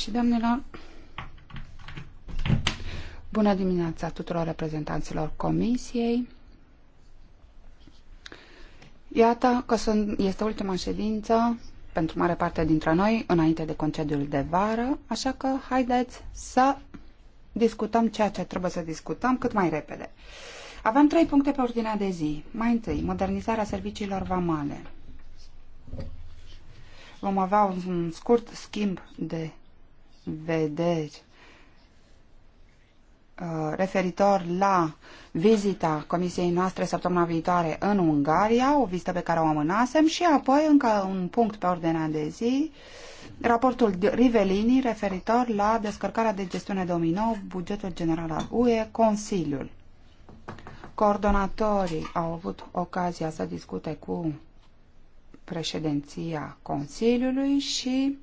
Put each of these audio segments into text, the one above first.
și domnilor! Bună dimineața tuturor reprezentanților Comisiei! Iată că sunt, este ultima ședință pentru mare parte dintre noi înainte de concediul de vară, așa că haideți să discutăm ceea ce trebuie să discutăm cât mai repede. Avem trei puncte pe ordinea de zi. Mai întâi, modernizarea serviciilor vamale vom avea un scurt schimb de vederi uh, referitor la vizita comisiei noastre săptămâna viitoare în Ungaria, o vizită pe care o amânasem și apoi încă un punct pe ordinea de zi, raportul Rivelini referitor la descărcarea de gestiune 2009, bugetul general al UE, Consiliul. Coordonatorii au avut ocazia să discute cu președinția Consiliului și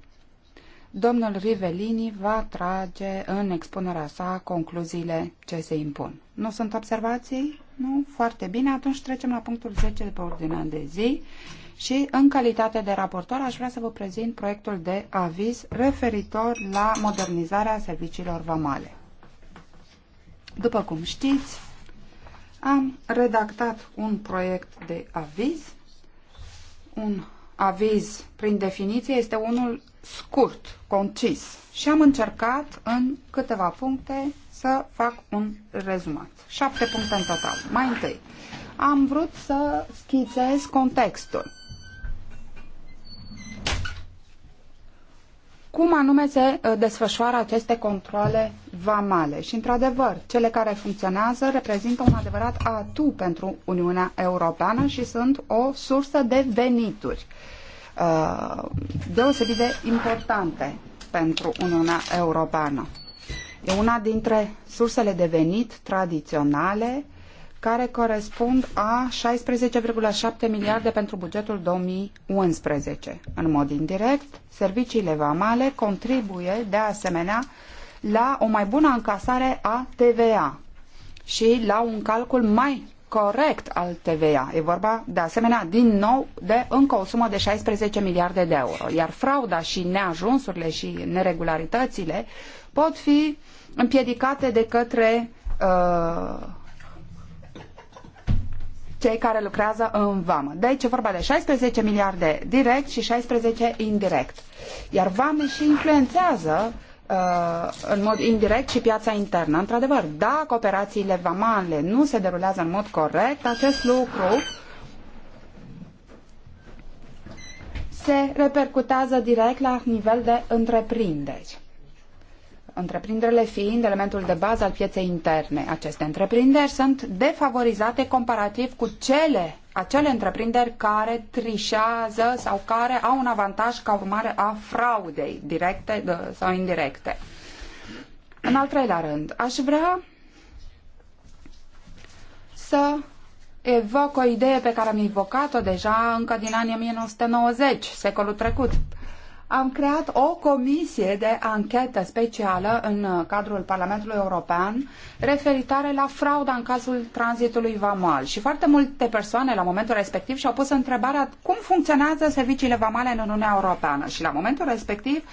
domnul Rivelini va trage în expunerea sa concluziile ce se impun. Nu sunt observații? Nu? Foarte bine. Atunci trecem la punctul 10 de pe ordinea de zi și în calitate de raportor aș vrea să vă prezint proiectul de aviz referitor la modernizarea serviciilor vamale. După cum știți, am redactat un proiect de aviz, un aviz, prin definiție, este unul scurt, concis și am încercat în câteva puncte să fac un rezumat. Șapte puncte în total. Mai întâi, am vrut să schițez contextul cum anume se uh, desfășoară aceste controle vamale. Și, într-adevăr, cele care funcționează reprezintă un adevărat atu pentru Uniunea Europeană și sunt o sursă de venituri uh, deosebit de importante pentru Uniunea Europeană. E una dintre sursele de venit tradiționale care corespund a 16,7 miliarde pentru bugetul 2011. În mod indirect, serviciile vamale contribuie de asemenea la o mai bună încasare a TVA și la un calcul mai corect al TVA. E vorba, de asemenea, din nou de încă o sumă de 16 miliarde de euro. Iar frauda și neajunsurile și neregularitățile pot fi împiedicate de către uh, cei care lucrează în vamă. Deci e vorba de 16 miliarde direct și 16 indirect. Iar vame și influențează uh, în mod indirect și piața internă. Într-adevăr, dacă operațiile vamale nu se derulează în mod corect, acest lucru se repercutează direct la nivel de întreprinderi întreprinderile fiind elementul de bază al pieței interne. Aceste întreprinderi sunt defavorizate comparativ cu cele, acele întreprinderi care trișează sau care au un avantaj ca urmare a fraudei directe sau indirecte. În al treilea rând, aș vrea să evoc o idee pe care am invocat-o deja încă din anii 1990, secolul trecut, am creat o comisie de anchetă specială în uh, cadrul Parlamentului European referitoare la frauda în cazul tranzitului vamal. Și foarte multe persoane la momentul respectiv și-au pus întrebarea cum funcționează serviciile vamale în Uniunea Europeană. Și la momentul respectiv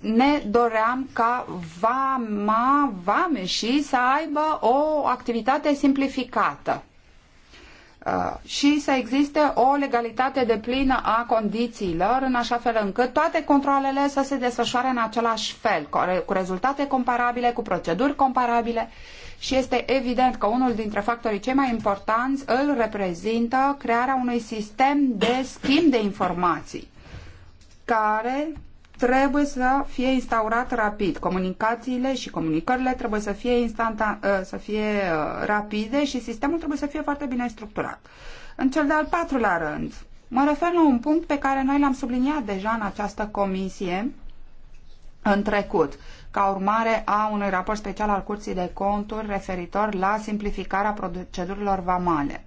ne doream ca vama, și să aibă o activitate simplificată. Uh, și să existe o legalitate de plină a condițiilor, în așa fel încât toate controlele să se desfășoare în același fel, cu rezultate comparabile, cu proceduri comparabile și este evident că unul dintre factorii cei mai importanți îl reprezintă crearea unui sistem de schimb de informații care trebuie să fie instaurat rapid. Comunicațiile și comunicările trebuie să fie, instanta, uh, să fie uh, rapide și sistemul trebuie să fie foarte bine structurat. În cel de-al patrulea rând, mă refer la un punct pe care noi l-am subliniat deja în această comisie în trecut, ca urmare a unui raport special al Curții de Conturi referitor la simplificarea procedurilor vamale.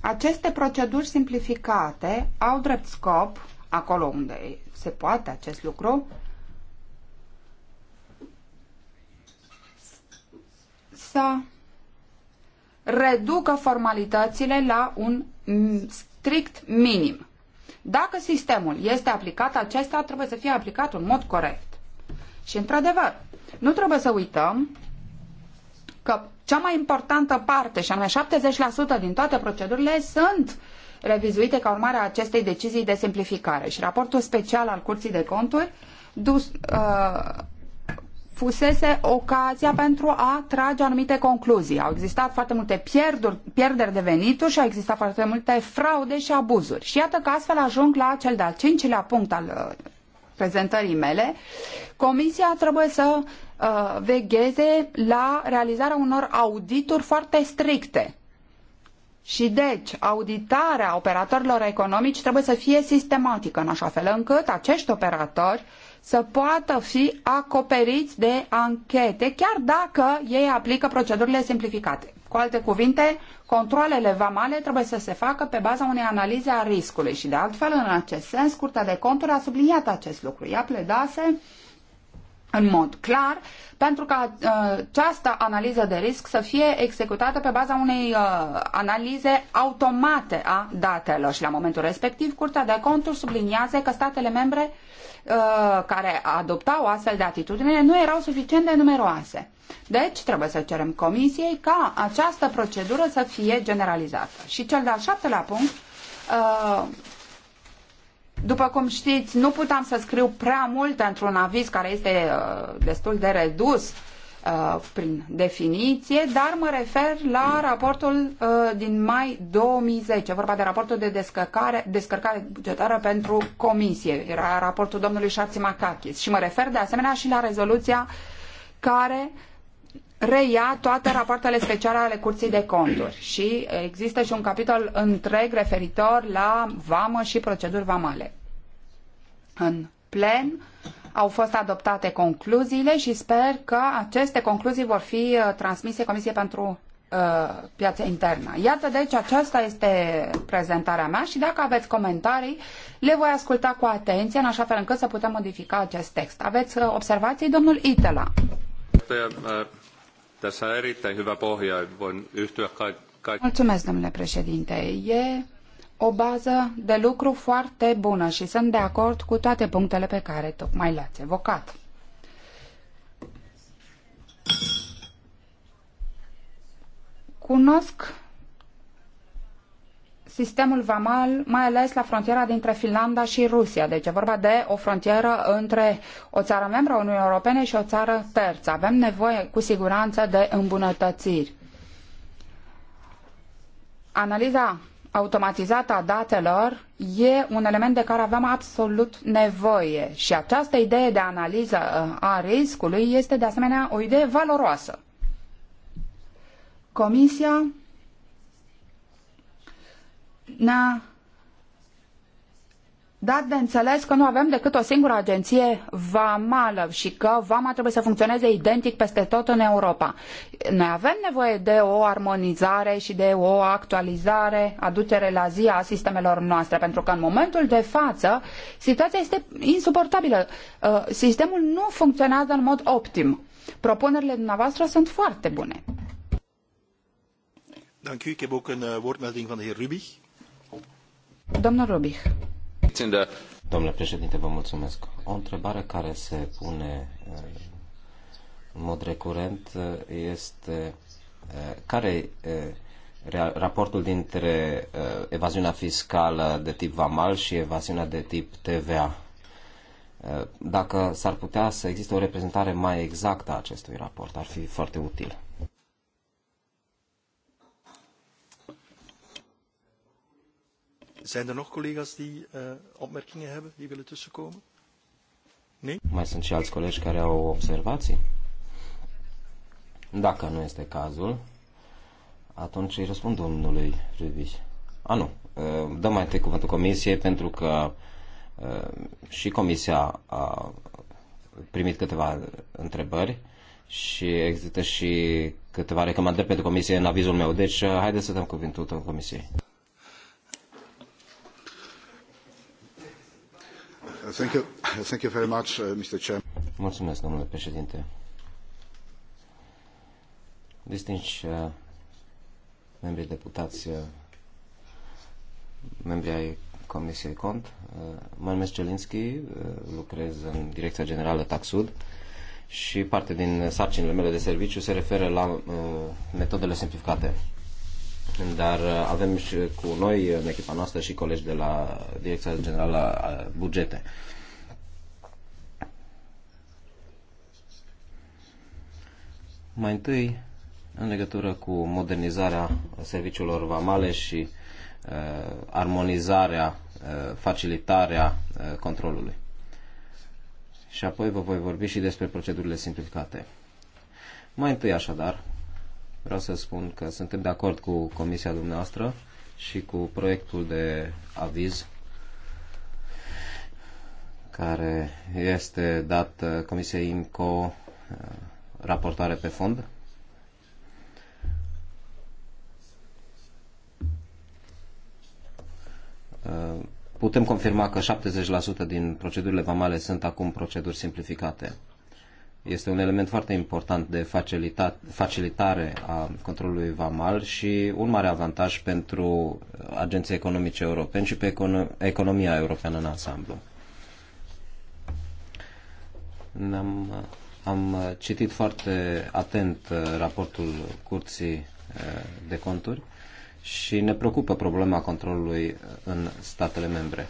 Aceste proceduri simplificate au drept scop, acolo unde se poate acest lucru, să reducă formalitățile la un strict minim. Dacă sistemul este aplicat, acesta trebuie să fie aplicat în mod corect. Și, într-adevăr, nu trebuie să uităm că cea mai importantă parte, și anume 70% din toate procedurile, sunt revizuite ca urmare a acestei decizii de simplificare. Și raportul special al Curții de Conturi dus, uh, fusese ocazia pentru a trage anumite concluzii. Au existat foarte multe pierduri, pierderi de venituri și au existat foarte multe fraude și abuzuri. Și iată că astfel ajung la cel de-al cincilea punct al uh, prezentării mele, Comisia trebuie să uh, vegheze la realizarea unor audituri foarte stricte. Și deci, auditarea operatorilor economici trebuie să fie sistematică, în așa fel încât acești operatori să poată fi acoperiți de anchete, chiar dacă ei aplică procedurile simplificate. Cu alte cuvinte, controlele vamale trebuie să se facă pe baza unei analize a riscului și de altfel, în acest sens, Curtea de Conturi a subliniat acest lucru. Ea pledase în mod clar pentru ca uh, această analiză de risc să fie executată pe baza unei uh, analize automate a datelor și la momentul respectiv Curtea de Conturi subliniază că statele membre uh, care adoptau astfel de atitudine nu erau suficient de numeroase. Deci, trebuie să cerem comisiei ca această procedură să fie generalizată. Și cel de-al șaptelea punct, uh, după cum știți, nu puteam să scriu prea mult într-un aviz care este uh, destul de redus uh, prin definiție, dar mă refer la raportul din mai 2010, vorba de raportul de descărcare, descărcare bugetară pentru comisie, era raportul domnului Macachis. și mă refer de asemenea și la rezoluția care reia toate rapoartele speciale ale Curții de Conturi și există și un capitol întreg referitor la vamă și proceduri vamale. În plen au fost adoptate concluziile și sper că aceste concluzii vor fi uh, transmise Comisiei pentru uh, piața internă. Iată, deci, aceasta este prezentarea mea și dacă aveți comentarii, le voi asculta cu atenție, în așa fel încât să putem modifica acest text. Aveți uh, observații, domnul Itela? Uh, Tässä Mulțumesc, domnule președinte. E o bază de lucru foarte bună și sunt de acord cu toate punctele pe care tocmai le-ați evocat. Cunosc sistemul vamal, mai ales la frontiera dintre Finlanda și Rusia. Deci e vorba de o frontieră între o țară membră a Uniunii Europene și o țară terță. Avem nevoie cu siguranță de îmbunătățiri. Analiza automatizată a datelor e un element de care avem absolut nevoie și această idee de analiză a riscului este de asemenea o idee valoroasă. Comisia ne-a dat de înțeles că nu avem decât o singură agenție vamală și că vama trebuie să funcționeze identic peste tot în Europa. Noi avem nevoie de o armonizare și de o actualizare, aducere la zi a sistemelor noastre, pentru că în momentul de față situația este insuportabilă. Uh, sistemul nu funcționează în mod optim. Propunerile dumneavoastră sunt foarte bune. Dank u. Ik heb ook een uh, woordmelding van de heer Rubich. Domnule președinte, vă mulțumesc. O întrebare care se pune uh, în mod recurent uh, este uh, care raportul dintre evaziunea fiscală de tip VAMAL și evaziunea de tip TVA. Dacă s-ar putea să existe o reprezentare mai exactă a acestui raport, ar fi foarte util. Zijn er nog collega's die uh, opmerkingen hebben, die willen tussenkomen? Nee? Mai sunt și alți colegi care au observații? Dacă nu este cazul, atunci îi răspund domnului Rubiș. A, nu. Eh, dăm mai întâi cuvântul comisiei pentru că eh, și comisia a primit câteva întrebări și există și câteva recomandări pentru comisie în avizul meu. Deci, haideți să dăm cuvântul în comisiei. Thank you, thank you very much, uh, Mr. Chair. Mulțumesc, domnule președinte. Distinși uh, membri deputați, uh, membri ai Comisiei Cont, mă numesc Celinski, lucrez în Direcția Generală Taxud și parte din sarcinile mele de serviciu se referă la metodele simplificate dar uh, avem și cu noi uh, în echipa noastră și colegi de la Direcția Generală a Bugete. Mai întâi, în legătură cu modernizarea serviciilor vamale și uh, armonizarea, uh, facilitarea uh, controlului. Și apoi vă voi vorbi și despre procedurile simplificate. Mai întâi, așadar, Vreau să spun că suntem de acord cu comisia dumneavoastră și cu proiectul de aviz care este dat uh, Comisiei INCO uh, raportare pe fond. Uh, putem confirma că 70% din procedurile vamale sunt acum proceduri simplificate. Este un element foarte important de facilitare a controlului vamal și un mare avantaj pentru agenții economice europeni și pe economia europeană în ansamblu. Am, am citit foarte atent uh, raportul Curții uh, de Conturi și ne preocupă problema controlului uh, în statele membre.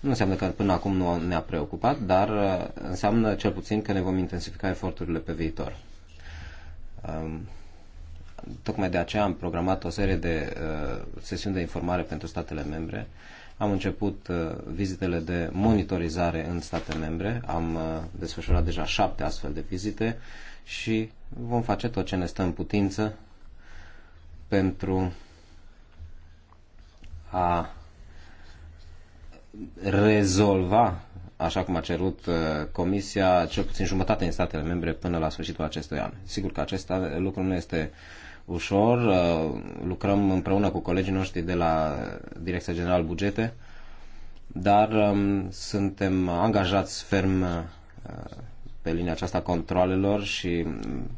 Nu înseamnă că până acum nu ne-a preocupat, dar uh, înseamnă cel puțin că ne vom intensifica eforturile pe viitor. Um, tocmai de aceea am programat o serie de uh, sesiuni de informare pentru statele membre. Am început uh, vizitele de monitorizare în state membre. Am desfășurat deja șapte astfel de vizite și vom face tot ce ne stă în putință pentru a rezolva, așa cum a cerut uh, Comisia, cel puțin jumătate din statele membre până la sfârșitul acestui an. Sigur că acest lucru nu este ușor. Uh, lucrăm împreună cu colegii noștri de la Direcția General Bugete, dar um, suntem angajați ferm uh, pe linia aceasta controlelor și um,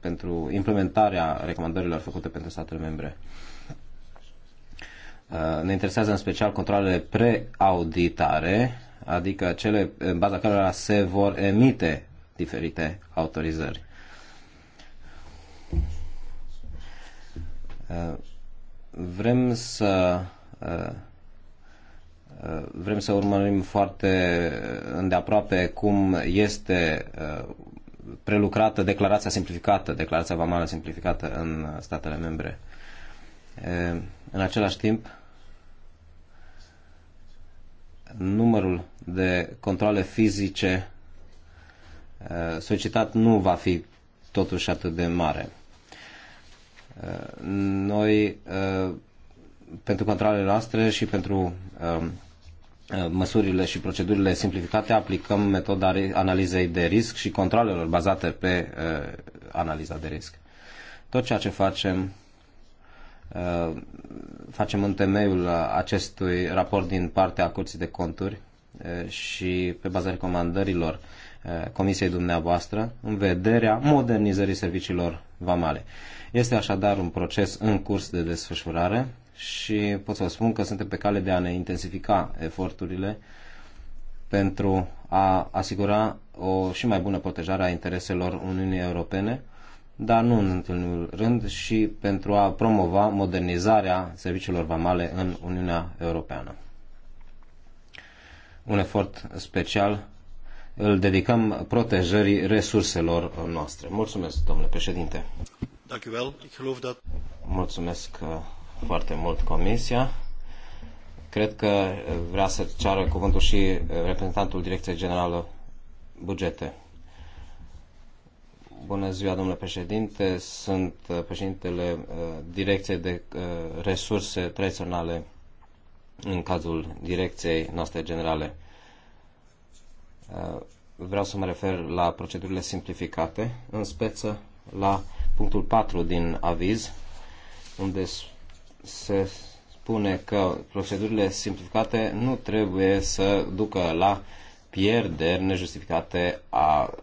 pentru implementarea recomandărilor făcute pentru statele membre. Uh, ne interesează în special controlele preauditare, adică cele în baza cărora se vor emite diferite autorizări. Uh, vrem să uh, vrem să urmărim foarte îndeaproape cum este prelucrată declarația simplificată, declarația vamală simplificată în statele membre. În același timp, numărul de controle fizice eh, solicitat nu va fi totuși atât de mare. Eh, noi, eh, pentru controlele noastre și pentru măsurile și procedurile simplificate, aplicăm metoda analizei de risc și controlelor bazate pe analiza de risc. Tot ceea ce facem Uh, facem în temeiul acestui raport din partea Curții de Conturi uh, și pe baza recomandărilor uh, Comisiei dumneavoastră în vederea modernizării serviciilor vamale. Este așadar un proces în curs de desfășurare și pot să vă spun că suntem pe cale de a ne intensifica eforturile pentru a asigura o și mai bună protejare a intereselor Uniunii Europene dar nu în întâlnul rând și pentru a promova modernizarea serviciilor vamale în Uniunea Europeană. Un efort special îl dedicăm protejării resurselor noastre. Mulțumesc, domnule președinte. Mulțumesc uh, foarte mult Comisia. Cred că vrea să ceară cuvântul și uh, reprezentantul Direcției Generală Bugete. Bună ziua, domnule președinte. Sunt uh, președintele uh, Direcției de uh, Resurse Tradiționale în cazul Direcției noastre generale. Vreau să mă refer la procedurile simplificate, în speță la punctul 4 din aviz, unde se spune că procedurile simplificate nu trebuie să ducă la pierderi nejustificate a,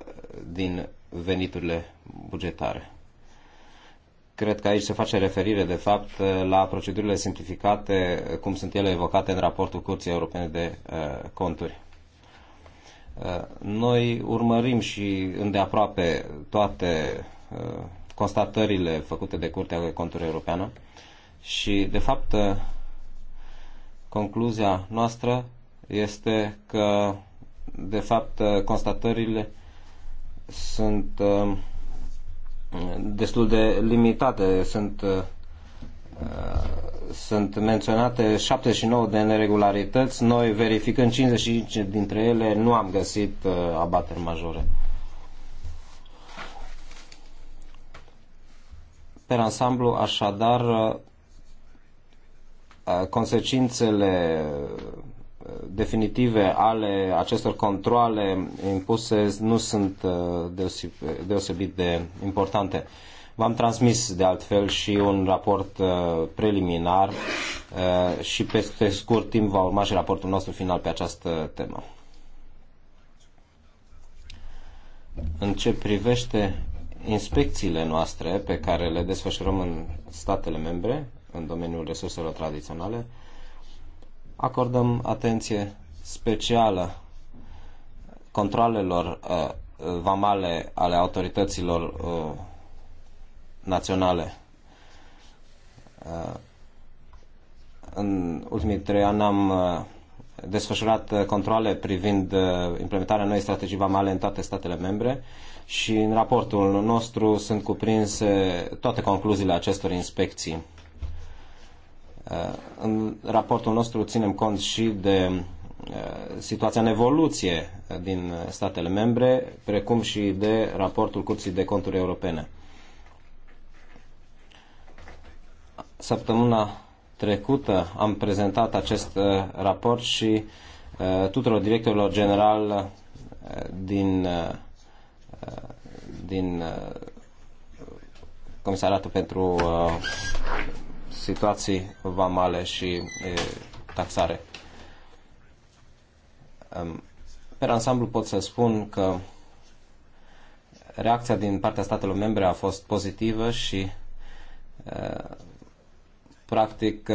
din veniturile bugetare. Cred că aici se face referire, de fapt, la procedurile simplificate, cum sunt ele evocate în raportul Curții Europene de uh, Conturi. Uh, noi urmărim și îndeaproape toate uh, constatările făcute de Curtea de Conturi Europeană și, de fapt, concluzia noastră este că, de fapt, constatările uh, sunt uh, destul de limitate. Sunt, uh, sunt menționate 79 de neregularități. Noi verificând 55 dintre ele nu am găsit uh, abateri majore. Per ansamblu, așadar, consecințele definitive ale acestor controle impuse nu sunt uh, deosebit de importante. V-am transmis de altfel și un raport uh, preliminar uh, și peste scurt timp va urma și raportul nostru final pe această temă. În ce privește inspecțiile noastre pe care le desfășurăm în statele membre, în domeniul resurselor tradiționale, uh, acordăm atenție specială controlelor uh, uh, vamale ale autorităților uh, naționale. Uh, în ultimii trei ani am uh, desfășurat uh, controle privind uh, implementarea noii strategii vamale în toate statele membre și în raportul nostru sunt cuprinse toate concluziile acestor inspecții. Uh, în raportul nostru ținem cont și de uh, situația în evoluție din statele membre, precum și de raportul Curții de Conturi Europene. Săptămâna trecută am prezentat acest uh, raport și tuturor directorilor general din, din Comisariatul pentru situații vamale și taxare. Pe ansamblu pot să spun că reacția din partea statelor membre a fost pozitivă și practic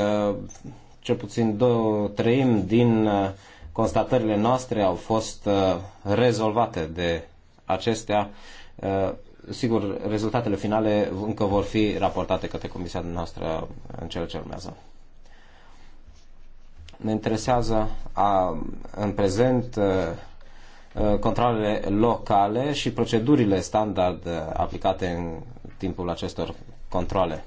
cel puțin două treimi din constatările noastre au fost rezolvate de acestea sigur, rezultatele finale încă vor fi raportate către comisia noastră în cele ce urmează. Ne interesează a, în prezent controlele locale și procedurile standard aplicate în timpul acestor controle.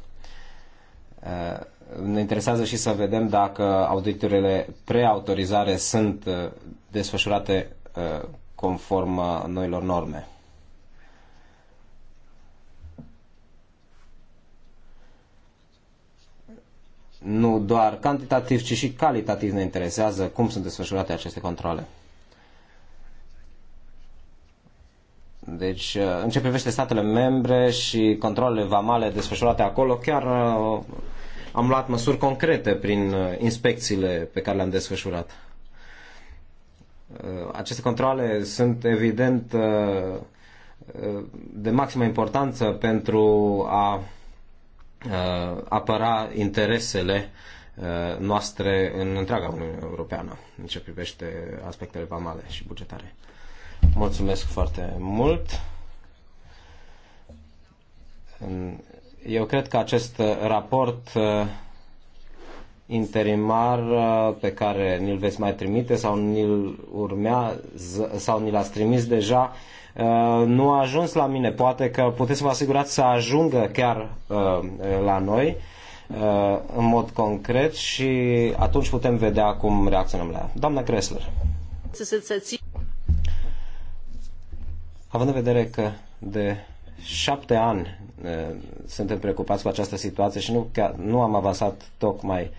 Ne interesează și să vedem dacă auditurile preautorizare sunt desfășurate conform noilor norme. nu doar cantitativ, ci și calitativ ne interesează cum sunt desfășurate aceste controle. Deci, uh, în ce privește statele membre și controlele vamale desfășurate acolo, chiar uh, am luat măsuri concrete prin uh, inspecțiile pe care le-am desfășurat. Aceste controle sunt evident de maximă importanță pentru a Uh, apăra interesele uh, noastre în întreaga Uniune Europeană, în ce privește aspectele vamale și bugetare. Mulțumesc foarte mult! Eu cred că acest raport uh, interimar pe care ni-l veți mai trimite sau ni-l urmea sau ni l-ați trimis deja Uh, nu a ajuns la mine. Poate că puteți să vă asigurați să ajungă chiar uh, la noi uh, în mod concret și atunci putem vedea cum reacționăm la ea. Doamna Gressler. Având în vedere că de șapte ani suntem preocupați cu această situație și nu, chiar, nu am avansat tocmai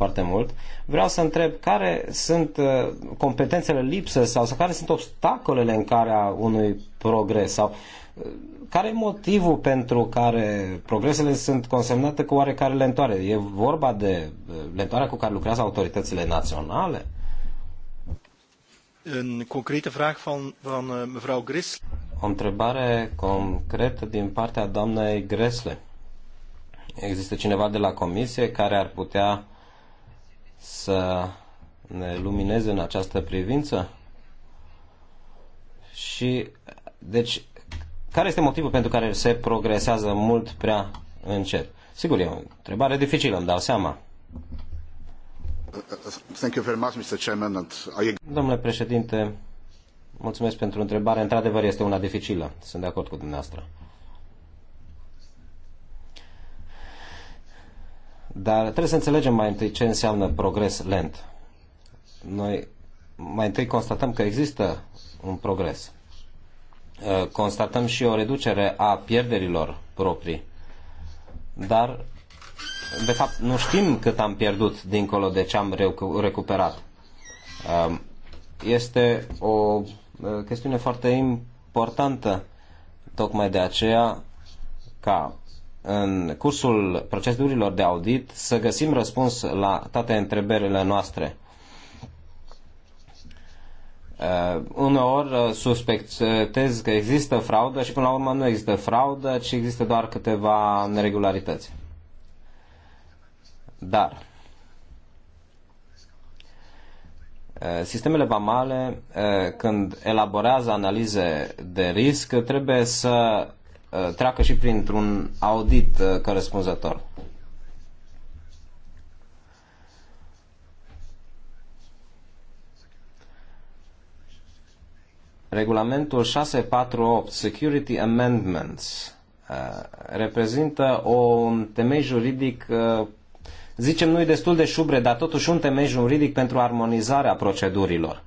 foarte mult. Vreau să întreb care sunt uh, competențele lipsă sau, sau care sunt obstacolele în care a unui progres sau uh, care e motivul pentru care progresele sunt consemnate cu oarecare lentoare? E vorba de uh, lentoarea cu care lucrează autoritățile naționale? Een concrete vraag van, van mevrouw Gris. O întrebare concretă din partea doamnei Gresle. Există cineva de la comisie care ar putea să ne lumineze în această privință? Și, deci, care este motivul pentru care se progresează mult prea încet? Sigur, e o întrebare dificilă, îmi dau seama. Thank you very much, Mr. Chairman, and I... Domnule președinte, mulțumesc pentru întrebare. Într-adevăr, este una dificilă. Sunt de acord cu dumneavoastră. Dar trebuie să înțelegem mai întâi ce înseamnă progres lent. Noi mai întâi constatăm că există un progres. Uh, constatăm și o reducere a pierderilor proprii. Dar, de fapt, nu știm cât am pierdut dincolo de ce am recuperat. Uh, este o uh, chestiune foarte importantă. Tocmai de aceea, ca în cursul procedurilor de audit să găsim răspuns la toate întrebările noastre. Uh, uneori uh, suspectez că există fraudă și până la urmă nu există fraudă, ci există doar câteva neregularități. Dar uh, Sistemele vamale, uh, când elaborează analize de risc, trebuie să Uh, treacă și printr-un audit uh, corespunzător. Regulamentul 648 Security Amendments uh, reprezintă un temei juridic, zicem nu-i destul de șubre, dar totuși un temei juridic pentru armonizarea procedurilor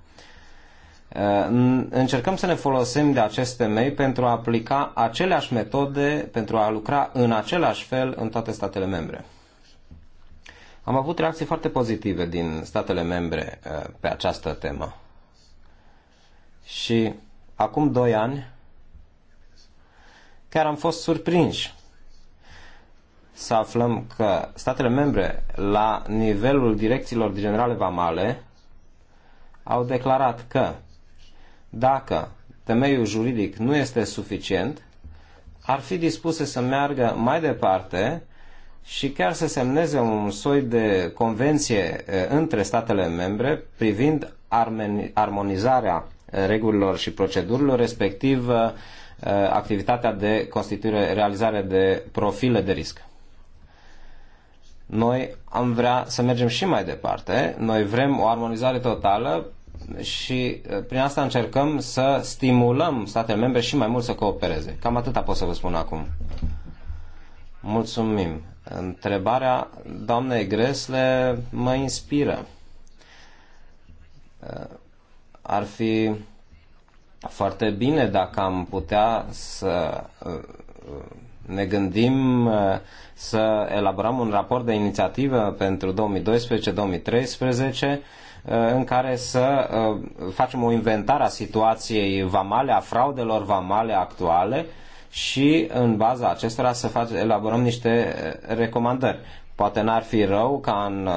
încercăm să ne folosim de acest temei pentru a aplica aceleași metode, pentru a lucra în același fel în toate statele membre. Am avut reacții foarte pozitive din statele membre uh, pe această temă. Și acum doi ani chiar am fost surprinși să aflăm că statele membre la nivelul direcțiilor generale vamale au declarat că dacă temeiul juridic nu este suficient, ar fi dispuse să meargă mai departe și chiar să semneze un soi de convenție între statele membre privind armonizarea regulilor și procedurilor, respectiv activitatea de constituire, realizare de profile de risc. Noi am vrea să mergem și mai departe. Noi vrem o armonizare totală și uh, prin asta încercăm să stimulăm statele membre și mai mult să coopereze. Cam atâta pot să vă spun acum. Mulțumim. Întrebarea doamnei Gresle mă inspiră. Uh, ar fi foarte bine dacă am putea să uh, ne gândim să elaborăm un raport de inițiativă pentru 2012-2013 Uh, în care să uh, facem o inventare a situației vamale, a fraudelor vamale actuale și în baza acestora să fac, elaborăm niște uh, recomandări. Poate n-ar fi rău ca în,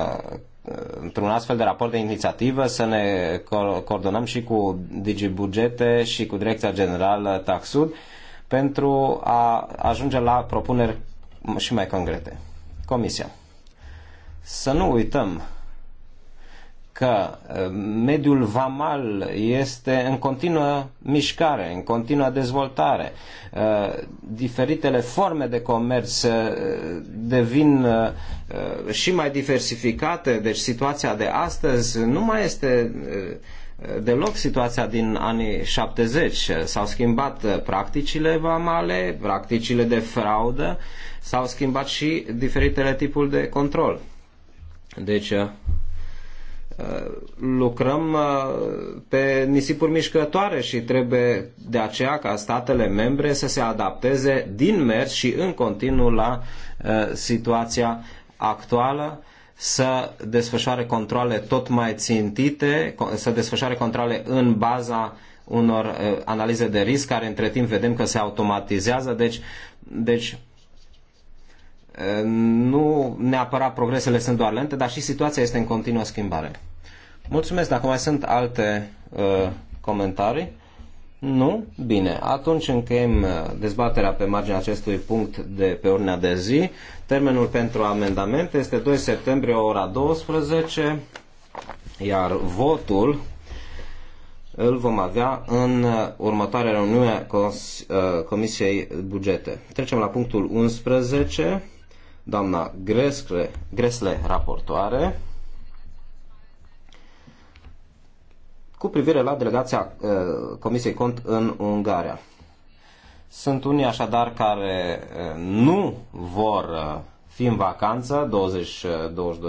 într-un astfel de raport de inițiativă să ne coordonăm și cu DigiBugete și cu Direcția Generală Taxud pentru a ajunge la propuneri și mai concrete. Comisia. Să nu uităm că uh, mediul vamal este în continuă mișcare, în continuă dezvoltare. Uh, diferitele forme de comerț uh, devin și mai diversificate, deci situația de astăzi nu mai este deloc situația din anii 70. S-au schimbat practicile vamale, practicile de fraudă, s-au schimbat și diferitele tipuri de control. Deci, lucrăm uh, pe nisipuri mișcătoare și trebuie de aceea ca statele membre să se adapteze din mers și în continuu la uh, situația actuală să desfășoare controle tot mai țintite, să desfășoare controle în baza unor uh, analize de risc care între timp vedem că se automatizează, deci, deci nu neapărat progresele sunt doar lente, dar și situația este în continuă schimbare. Mulțumesc. Dacă mai sunt alte uh, comentarii, nu? Bine, atunci încheiem dezbaterea pe marginea acestui punct de pe ordinea de zi. Termenul pentru amendamente este 2 septembrie, ora 12, iar votul îl vom avea în următoarea reuniune a Comisiei Bugete. Trecem la punctul 11 doamna Gresle, Gresle raportoare, cu privire la delegația uh, Comisiei Cont în Ungaria. Sunt unii așadar care uh, nu vor uh, fi în vacanță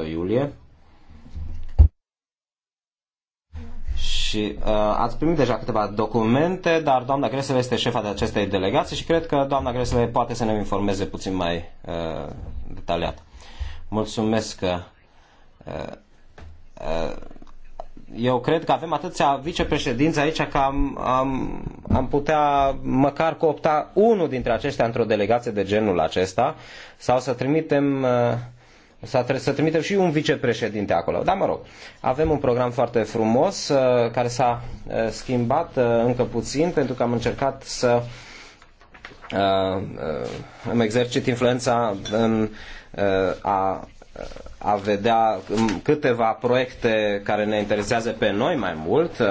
20-22 iulie și uh, ați primit deja câteva documente, dar doamna Gresele este șefa de acestei delegații și cred că doamna Gresele poate să ne informeze puțin mai uh, detaliat. Mulțumesc că uh, uh, eu cred că avem atâția vicepreședinți aici că am, am, am putea măcar coopta unul dintre aceștia într-o delegație de genul acesta sau să trimitem uh, să, să trimitem și un vicepreședinte acolo. Dar mă rog, avem un program foarte frumos care s-a schimbat încă puțin pentru că am încercat să am îmi exercit influența în a a vedea câteva proiecte care ne interesează pe noi mai mult.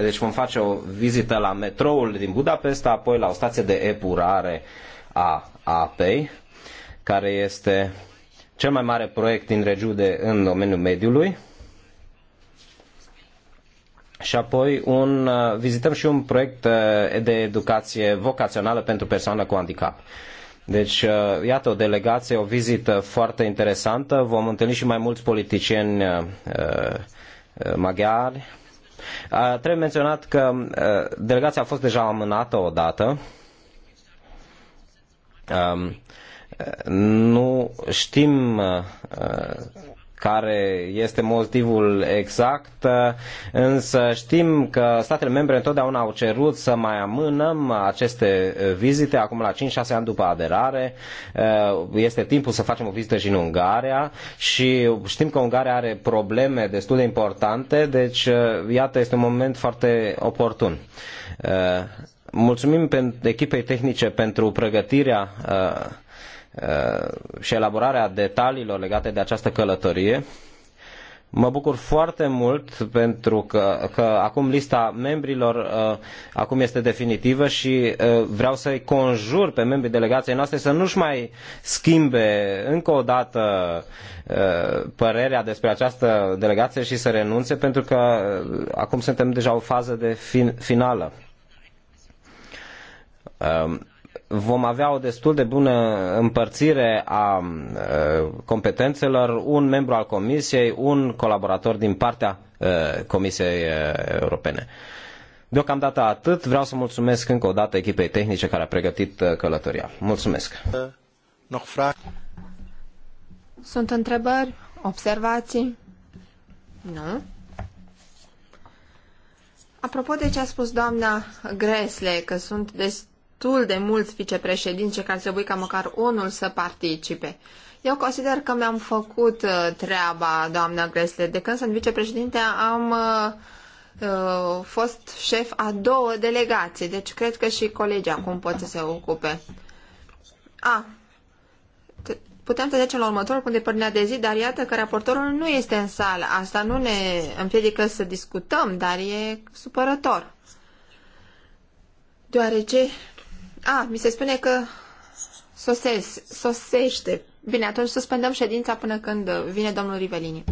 Deci vom face o vizită la metroul din Budapesta, apoi la o stație de epurare a apei, care este cel mai mare proiect din regiune în domeniul mediului. Și apoi un, vizităm și un proiect eh, de educație vocațională pentru persoană cu handicap. Deci, uh, iată o delegație, o vizită foarte interesantă. Vom întâlni și mai mulți politicieni uh, uh, maghiari. Trebuie menționat că delegația a fost deja amânată o dată. Um, nu știm care este motivul exact, însă știm că statele membre întotdeauna au cerut să mai amânăm aceste vizite, acum la 5-6 ani după aderare, eh, este timpul să facem o vizită și în Ungaria și știm că Ungaria are probleme destul de importante, deci eh, iată este un moment foarte oportun. Eh, mulțumim echipei tehnice pentru pregătirea Uh, și elaborarea detaliilor legate de această călătorie. Mă bucur foarte mult pentru că, că acum lista membrilor uh, acum este definitivă și uh, vreau să-i conjur pe membrii delegației noastre să nu-și mai schimbe încă o dată uh, părerea despre această delegație și să renunțe pentru că uh, acum suntem deja o fază de fin- finală. Uh, vom avea o destul de bună împărțire a competențelor, un membru al Comisiei, un colaborator din partea Comisiei Europene. Deocamdată atât, vreau să mulțumesc încă o dată echipei tehnice care a pregătit călătoria. Mulțumesc! Sunt întrebări? Observații? Nu? Apropo de ce a spus doamna Gresle, că sunt destul destul de mulți vicepreședinți și că ar trebui ca măcar unul să participe. Eu consider că mi-am făcut uh, treaba, doamna Gresle. De când sunt vicepreședinte am uh, uh, fost șef a două delegații, deci cred că și colegii acum pot să se ocupe. A, putem să trecem la următorul punct de pârnea de zi, dar iată că raportorul nu este în sală. Asta nu ne împiedică să discutăm, dar e supărător. Deoarece a, mi se spune că sosesc, sosește. Bine, atunci suspendăm ședința până când vine domnul Rivelini.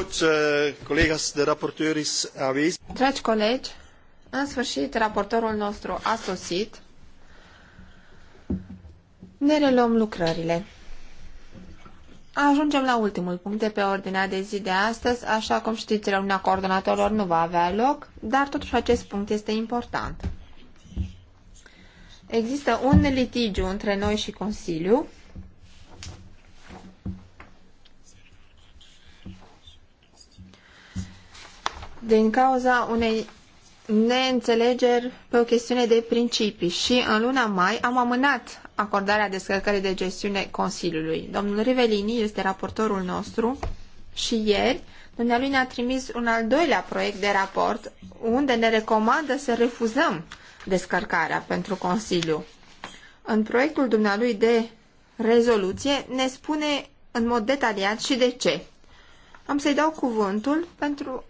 Eh, Goed, de Dragi colegi, în sfârșit, raportorul nostru a sosit. Ne reluăm lucrările. Ajungem la ultimul punct de pe ordinea de zi de astăzi, așa cum știți, reuniunea coordonatorilor nu va avea loc, dar totuși acest punct este important. Există un litigiu între noi și Consiliu din cauza unei neînțelegeri pe o chestiune de principii și în luna mai am amânat acordarea descărcării de gestiune Consiliului. Domnul Rivelini este raportorul nostru și ieri dumnealui ne-a trimis un al doilea proiect de raport unde ne recomandă să refuzăm descărcarea pentru Consiliu. În proiectul dumnealui de rezoluție ne spune în mod detaliat și de ce. Am să-i dau cuvântul pentru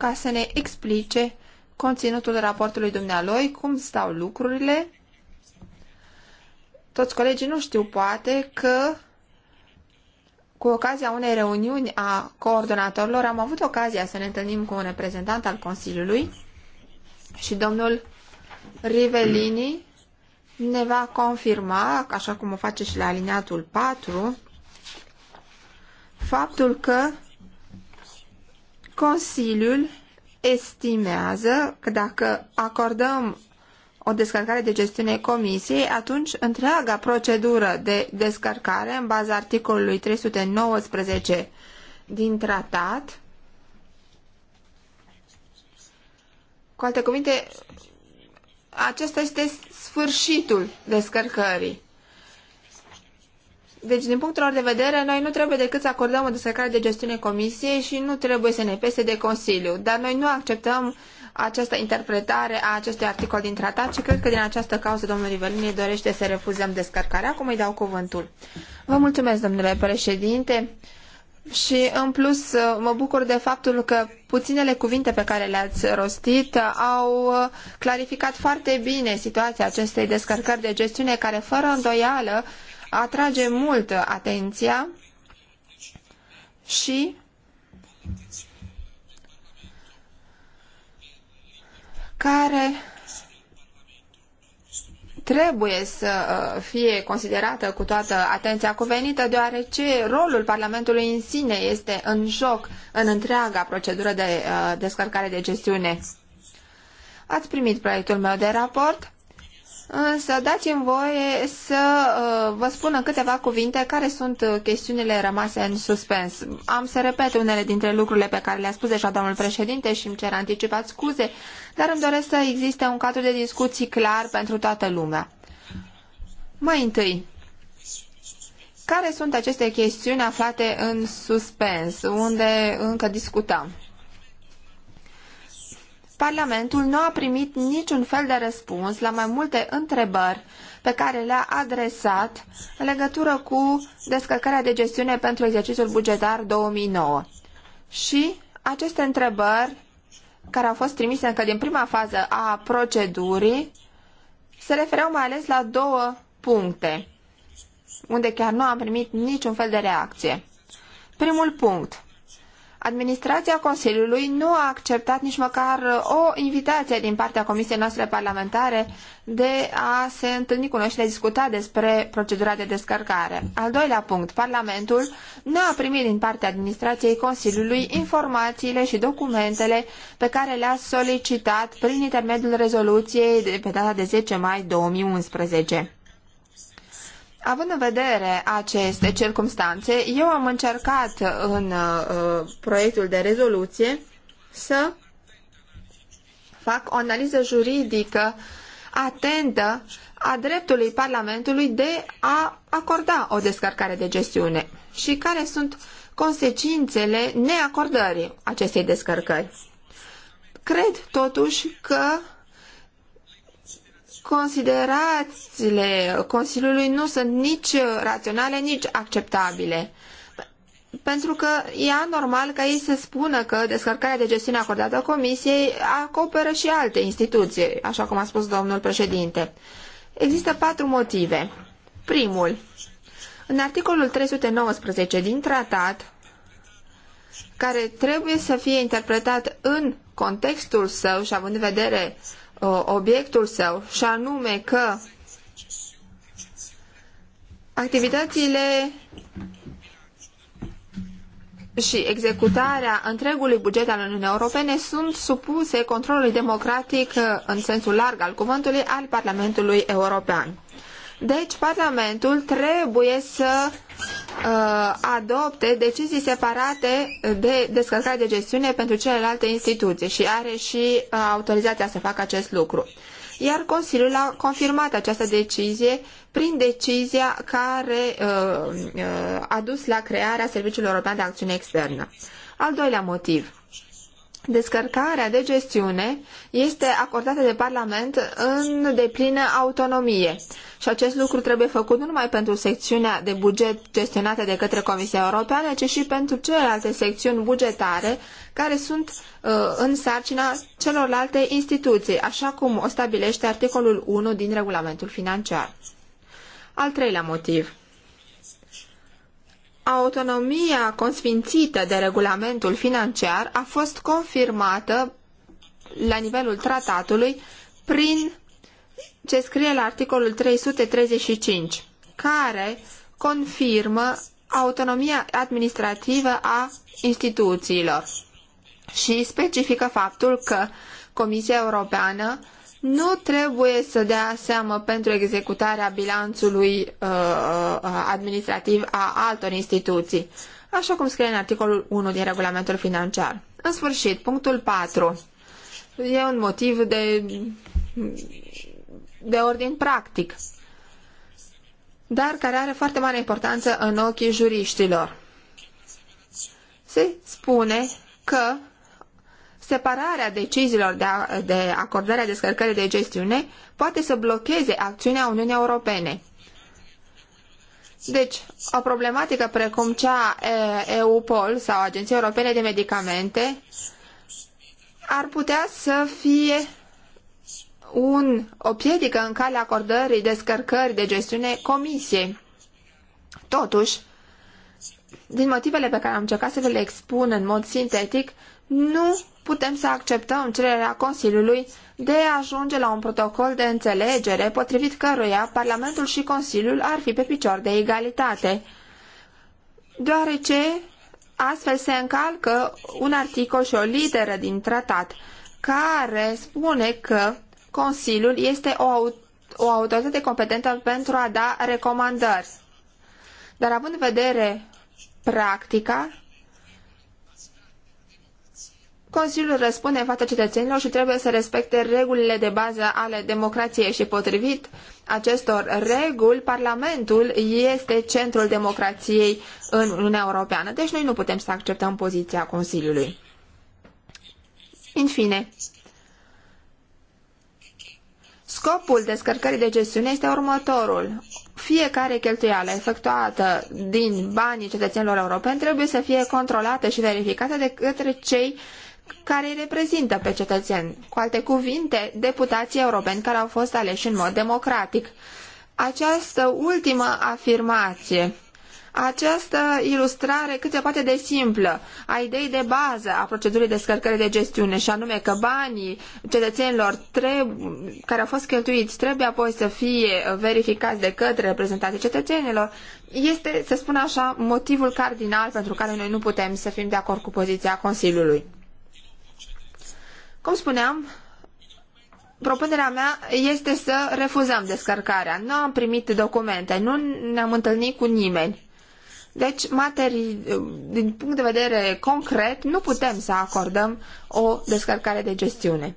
ca să ne explice conținutul raportului dumnealui, cum stau lucrurile. Toți colegii nu știu poate că cu ocazia unei reuniuni a coordonatorilor am avut ocazia să ne întâlnim cu un reprezentant al Consiliului și domnul Rivelini ne va confirma, așa cum o face și la aliniatul 4, faptul că Consiliul estimează că dacă acordăm o descărcare de gestiune comisiei, atunci întreaga procedură de descărcare în baza articolului 319 din tratat, cu alte cuvinte, acesta este sfârșitul descărcării. Deci, din punctul lor de vedere, noi nu trebuie decât să acordăm o descărcare de gestiune comisiei și nu trebuie să ne pese de Consiliu. Dar noi nu acceptăm această interpretare a acestui articol din tratat și cred că din această cauză domnul Rivelini dorește să refuzăm descărcarea. Acum îi dau cuvântul. Vă mulțumesc, domnule președinte. Și în plus mă bucur de faptul că puținele cuvinte pe care le-ați rostit au clarificat foarte bine situația acestei descărcări de gestiune care fără îndoială atrage mult atenția și care trebuie să uh, fie considerată cu toată atenția cuvenită, deoarece rolul Parlamentului în sine este în joc în întreaga procedură de uh, descărcare de gestiune. Ați primit proiectul meu de raport. Însă dați-mi voie să uh, vă spun în câteva cuvinte care sunt uh, chestiunile rămase în suspens. Am să repet unele dintre lucrurile pe care le-a spus deja domnul președinte și îmi cer anticipat scuze, dar îmi doresc să existe un cadru de discuții clar pentru toată lumea. Mai întâi, care sunt aceste chestiuni aflate în suspens, unde încă discutăm? Parlamentul nu a primit niciun fel de răspuns la mai multe întrebări pe care le-a adresat în legătură cu descărcarea de gestiune pentru exercițiul bugetar 2009. Și aceste întrebări, care au fost trimise încă din prima fază a procedurii, se refereau mai ales la două puncte, unde chiar nu am primit niciun fel de reacție. Primul punct. Administrația Consiliului nu a acceptat nici măcar uh, o invitație din partea Comisiei noastre parlamentare de a se întâlni cu noi și de a discuta despre procedura de descărcare. Al doilea punct, Parlamentul nu a primit din partea Administrației Consiliului informațiile și documentele pe care le-a solicitat prin intermediul rezoluției de pe data de 10 mai 2011. Având în vedere aceste circumstanțe, eu am încercat în uh, proiectul de rezoluție să fac o analiză juridică atentă a dreptului Parlamentului de a acorda o descărcare de gestiune și care sunt consecințele neacordării acestei descărcări. Cred totuși că considerațiile Consiliului nu sunt nici raționale, nici acceptabile. Pentru că e anormal ca ei să spună că descărcarea de gestiune acordată Comisiei acoperă și alte instituții, așa cum a spus domnul președinte. Există patru motive. Primul, în articolul 319 din tratat, care trebuie să fie interpretat în contextul său și având în vedere uh, Uh, obiectul său, și anume că activitățile și executarea întregului buget al Uniunii Europene sunt supuse controlului democratic uh, în sensul larg al cuvântului al Parlamentului European. Deci Parlamentul trebuie să uh, adopte decizii separate de descărcare de gestiune pentru celelalte instituții și are și uh, autorizația să facă acest lucru. Iar Consiliul a confirmat această decizie prin decizia care uh, uh, a dus la crearea Serviciului European de Acțiune Externă. Al doilea motiv. Descărcarea de gestiune este acordată de Parlament în deplină autonomie și acest lucru trebuie făcut nu numai pentru secțiunea de buget gestionată de către Comisia Europeană, ci și pentru celelalte secțiuni bugetare care sunt uh, în sarcina celorlalte instituții, așa cum o stabilește articolul 1 din regulamentul financiar. Al treilea motiv autonomia consfințită de regulamentul financiar a fost confirmată la nivelul tratatului prin ce scrie la articolul 335, care confirmă autonomia administrativă a instituțiilor și specifică faptul că Comisia Europeană nu trebuie să dea seamă pentru executarea bilanțului uh, uh, administrativ a altor instituții, așa cum scrie în articolul 1 din regulamentul financiar. În sfârșit, punctul 4 e un motiv de, de ordin practic, dar care are foarte mare importanță în ochii juriștilor. Se spune că separarea deciziilor de, a, de acordarea descărcării de gestiune poate să blocheze acțiunea Uniunii Europene. Deci, o problematică precum cea EUPOL sau Agenția Europene de Medicamente ar putea să fie un, o piedică în calea acordării descărcării, de gestiune comisiei. Totuși, din motivele pe care am încercat să vi le expun în mod sintetic, nu putem să acceptăm cererea Consiliului de a ajunge la un protocol de înțelegere potrivit căruia Parlamentul și Consiliul ar fi pe picior de egalitate, deoarece astfel se încalcă un articol și o literă din tratat care spune că Consiliul este o, o autoritate competentă pentru a da recomandări. Dar având în vedere practica, Consiliul răspunde în fața cetățenilor și trebuie să respecte regulile de bază ale democrației și potrivit acestor reguli, Parlamentul este centrul democrației în Uniunea Europeană. Deci noi nu putem să acceptăm poziția Consiliului. În fine, scopul descărcării de gestiune este următorul. Fiecare cheltuială efectuată din banii cetățenilor europeni trebuie să fie controlată și verificată de către cei care îi reprezintă pe cetățeni. Cu alte cuvinte, deputații europeni care au fost aleși în mod democratic. Această ultimă afirmație, această ilustrare cât se poate de simplă a ideii de bază a procedurii descărcării de gestiune și anume că banii cetățenilor care au fost cheltuiți trebuie apoi să fie verificați de către reprezentanții cetățenilor este, să spun așa, motivul cardinal pentru care noi nu putem să fim de acord cu poziția Consiliului. Cum spuneam, propunerea mea este să refuzăm descărcarea. Nu am primit documente, nu ne-am întâlnit cu nimeni. Deci, materii din punct de vedere concret, nu putem să acordăm o descărcare de gestiune.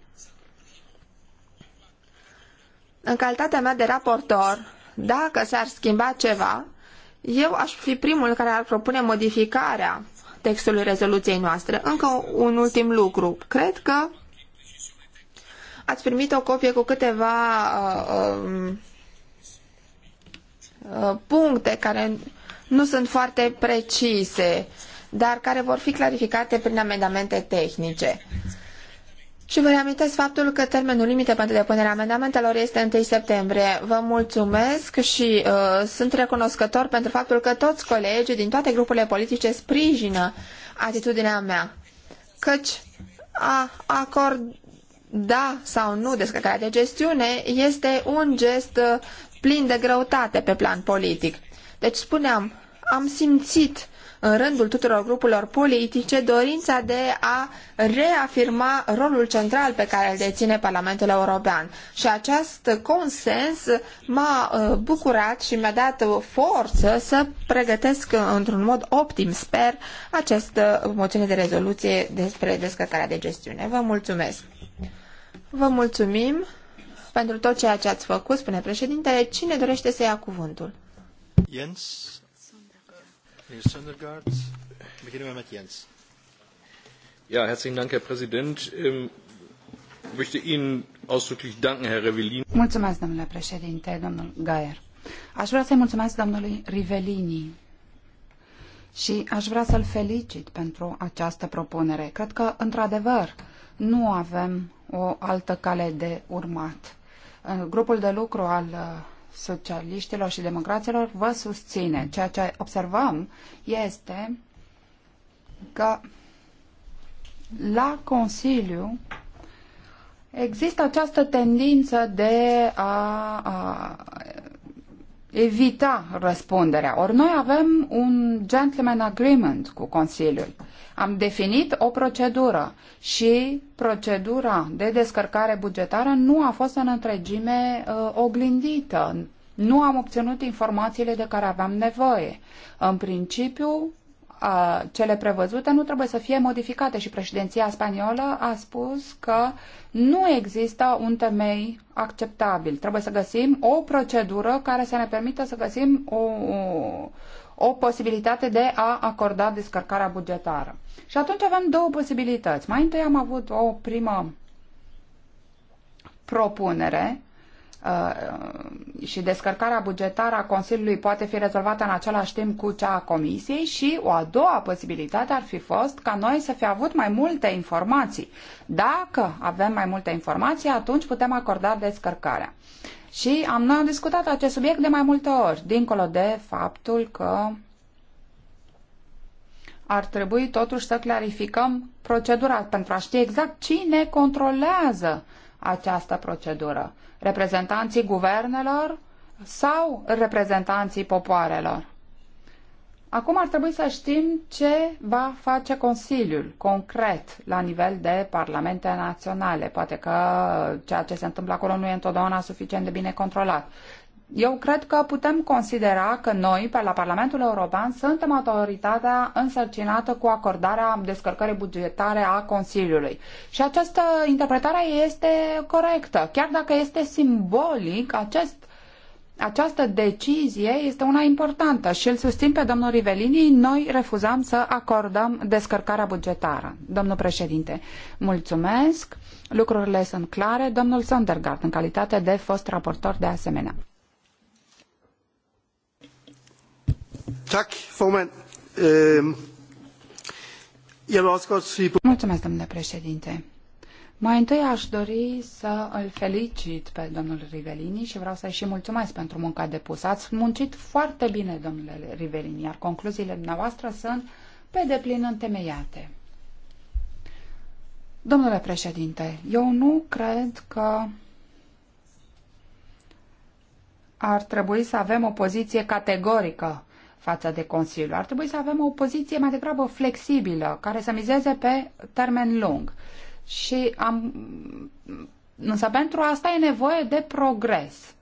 În calitatea mea de raportor, dacă s-ar schimba ceva, eu aș fi primul care ar propune modificarea textului rezoluției noastre. Încă un ultim lucru. Cred că ați primit o copie cu câteva uh, um, uh, puncte care nu sunt foarte precise, dar care vor fi clarificate prin amendamente tehnice. Și vă reamintesc faptul că termenul limită pentru depunerea amendamentelor este 1 septembrie. Vă mulțumesc și uh, sunt recunoscător pentru faptul că toți colegii din toate grupurile politice sprijină atitudinea mea, căci a acord da sau nu descărcarea de gestiune este un gest uh, plin de greutate pe plan politic. Deci spuneam, am simțit în rândul tuturor grupurilor politice dorința de a reafirma rolul central pe care îl deține Parlamentul European. Și acest consens m-a uh, bucurat și mi-a dat forță să pregătesc uh, într-un mod optim, sper, această moțiune de rezoluție despre descărcarea de gestiune. Vă mulțumesc! Vă mulțumim pentru tot ceea ce ați făcut, spune președintele. Cine dorește să ia cuvântul? Jens. Sondergaard. Beginnen met Jens. Ja, herzlichen Dank, Herr Präsident. Ähm, ich möchte Ihnen ausdrücklich danken, Herr Revellini. Mulțumesc, domnule președinte, domnul Gaier. Aș vrea să-i mulțumesc domnului Rivellini și aș vrea să-l felicit pentru această propunere. Cred că, într-adevăr, nu avem o altă cale de urmat. Grupul de lucru al uh, socialiștilor și democraților vă susține. Ceea ce observăm este că la Consiliu există această tendință de a, a evita răspunderea. Ori noi avem un gentleman agreement cu Consiliul am definit o procedură și procedura de descărcare bugetară nu a fost în întregime uh, oglindită. Nu am obținut informațiile de care aveam nevoie. În principiu, uh, cele prevăzute nu trebuie să fie modificate și președinția spaniolă a spus că nu există un temei acceptabil. Trebuie să găsim o procedură care să ne permită să găsim o, o posibilitate de a acorda descărcarea bugetară. Și atunci avem două posibilități. Mai întâi am avut o primă propunere uh, și descărcarea bugetară a Consiliului poate fi rezolvată în același timp cu cea a Comisiei și o a doua posibilitate ar fi fost ca noi să fi avut mai multe informații. Dacă avem mai multe informații, atunci putem acorda descărcarea. Și am noi discutat acest subiect de mai multe ori, dincolo de faptul că ar trebui totuși să clarificăm procedura pentru a ști exact cine controlează această procedură. Reprezentanții guvernelor sau reprezentanții popoarelor? Acum ar trebui să știm ce va face Consiliul concret la nivel de parlamente naționale. Poate că ceea ce se întâmplă acolo nu e întotdeauna suficient de bine controlat. Eu cred că putem considera că noi, pe la Parlamentul European, suntem autoritatea însărcinată cu acordarea descărcării bugetare a Consiliului. Și această interpretare este corectă. Chiar dacă este simbolic, acest această decizie este una importantă și îl susțin pe domnul Rivelini, noi refuzăm să acordăm descărcarea bugetară. Domnul președinte, mulțumesc, lucrurile sunt clare, domnul Sondergaard, în calitate de fost raportor de asemenea. Mulțumesc, domnule președinte. Mai întâi aș dori să îl felicit pe domnul Rivelini și vreau să-i și mulțumesc pentru munca depusă. Ați muncit foarte bine, domnule Rivelini, iar concluziile dumneavoastră sunt pe deplin întemeiate. Domnule președinte, eu nu cred că ar trebui să avem o poziție categorică față de Consiliu. Ar trebui să avem o poziție mai degrabă flexibilă, care să mizeze pe termen lung. Uh, și am... Însă pentru asta e nevoie de progres.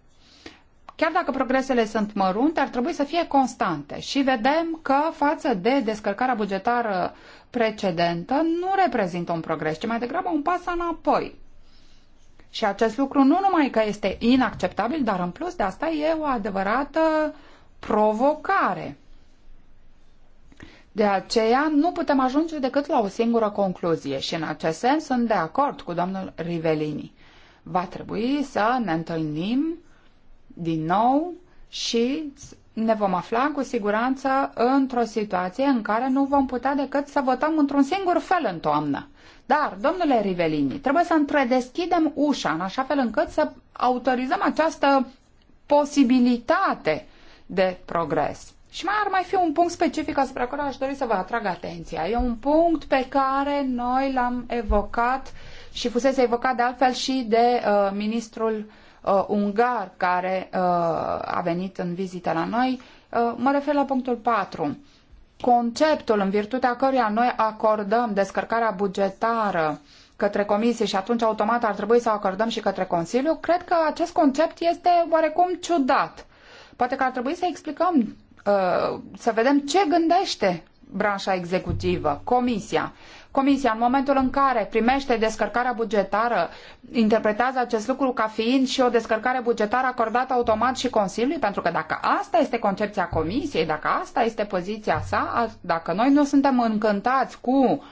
Chiar dacă progresele sunt mărunte, ar trebui să fie constante. Și vedem că față de descărcarea bugetară precedentă nu reprezintă un progres, ci mai degrabă un pas înapoi. Și acest lucru nu numai că este inacceptabil, dar în plus de asta e o adevărată provocare. De aceea nu putem ajunge decât la o singură concluzie și în acest sens sunt de acord cu domnul Rivelini. Va trebui să ne întâlnim din nou și ne vom afla cu siguranță într-o situație în care nu vom putea decât să votăm într-un singur fel în toamnă. Dar, domnule Rivelini, trebuie să întredeschidem ușa în așa fel încât să autorizăm această posibilitate de progres. Și mai ar mai fi un punct specific asupra care aș dori să vă atrag atenția. E un punct pe care noi l-am evocat și fusese evocat de altfel și de uh, ministrul uh, ungar care uh, a venit în vizită la noi. Uh, mă refer la punctul 4. Conceptul în virtutea căruia noi acordăm descărcarea bugetară către comisie și atunci automat ar trebui să o acordăm și către Consiliu, cred că acest concept este oarecum ciudat. Poate că ar trebui să explicăm Uh, să vedem ce gândește branșa executivă, comisia. Comisia, în momentul în care primește descărcarea bugetară, interpretează acest lucru ca fiind și o descărcare bugetară acordată automat și Consiliului, pentru că dacă asta este concepția Comisiei, dacă asta este poziția sa, dacă noi nu suntem încântați cu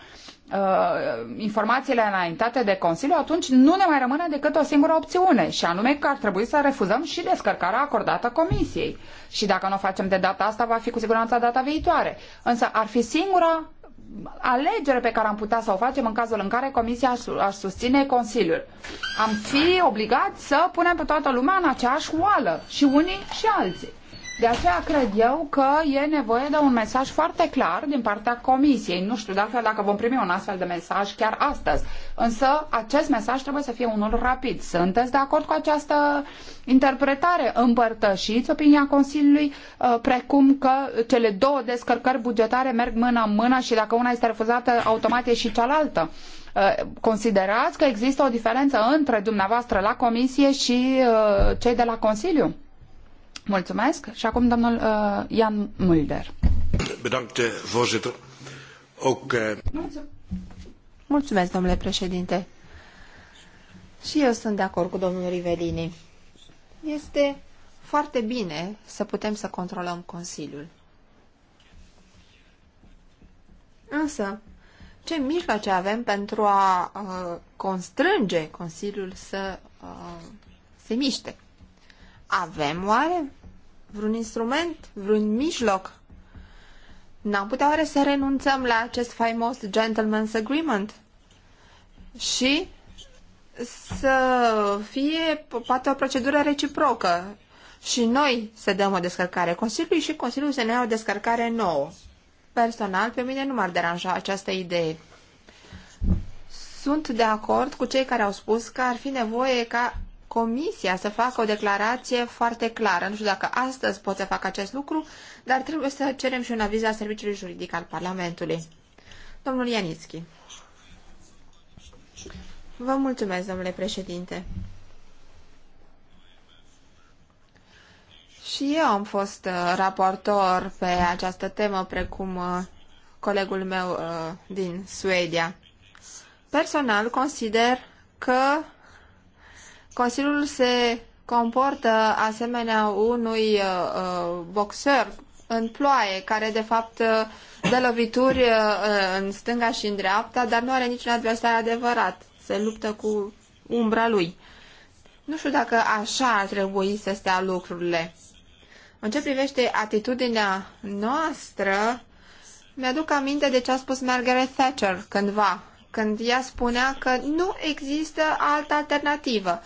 Uh, informațiile înaintate de Consiliu, atunci nu ne mai rămâne decât o singură opțiune, și anume că ar trebui să refuzăm și descărcarea acordată Comisiei. Și dacă nu o facem de data asta, va fi cu siguranță data viitoare. Însă ar fi singura alegere pe care am putea să o facem în cazul în care Comisia ar susține Consiliul. Am fi obligați să punem pe toată lumea în aceeași oală, și unii și alții. De aceea cred eu că e nevoie de un mesaj foarte clar din partea Comisiei. Nu știu dacă, dacă vom primi un astfel de mesaj chiar astăzi, însă acest mesaj trebuie să fie unul rapid. Sunteți de acord cu această interpretare? Împărtășiți opinia Consiliului, uh, precum că cele două descărcări bugetare merg mână în mână și dacă una este refuzată, automat e și cealaltă uh, considerați că există o diferență între dumneavoastră la Comisie și uh, cei de la Consiliu? Mulțumesc. Și acum domnul uh, Jan Mulder. Bedankt, eh, Mulțumesc, domnule președinte. Și eu sunt de acord cu domnul Rivelini. Este foarte bine să putem să controlăm Consiliul. Însă, ce mijloace avem pentru a uh, constrânge Consiliul să uh, se miște? Avem oare? vreun instrument, vreun mijloc. N-am putea oare să renunțăm la acest faimos gentleman's agreement și să fie poate o procedură reciprocă și noi să dăm o descărcare Consiliului și Consiliul să ne ia o descărcare nouă. Personal, pe mine nu m-ar deranja această idee. Sunt de acord cu cei care au spus că ar fi nevoie ca Comisia să facă o declarație foarte clară. Nu știu dacă astăzi pot să fac acest lucru, dar trebuie să cerem și un aviz al Serviciului Juridic al Parlamentului. Domnul Ianitschi. Vă mulțumesc, domnule președinte. Și eu am fost uh, raportor pe această temă, precum uh, colegul meu uh, din Suedia. Personal consider că Consiliul se comportă asemenea unui uh, uh, boxer în ploaie, care de fapt uh, dă lovituri uh, uh, în stânga și în dreapta, dar nu are niciun adversar adevărat. Se luptă cu umbra lui. Nu știu dacă așa ar trebui să stea lucrurile. În ce privește atitudinea noastră, mi-aduc aminte de ce a spus Margaret Thatcher cândva, când ea spunea că nu există altă alternativă.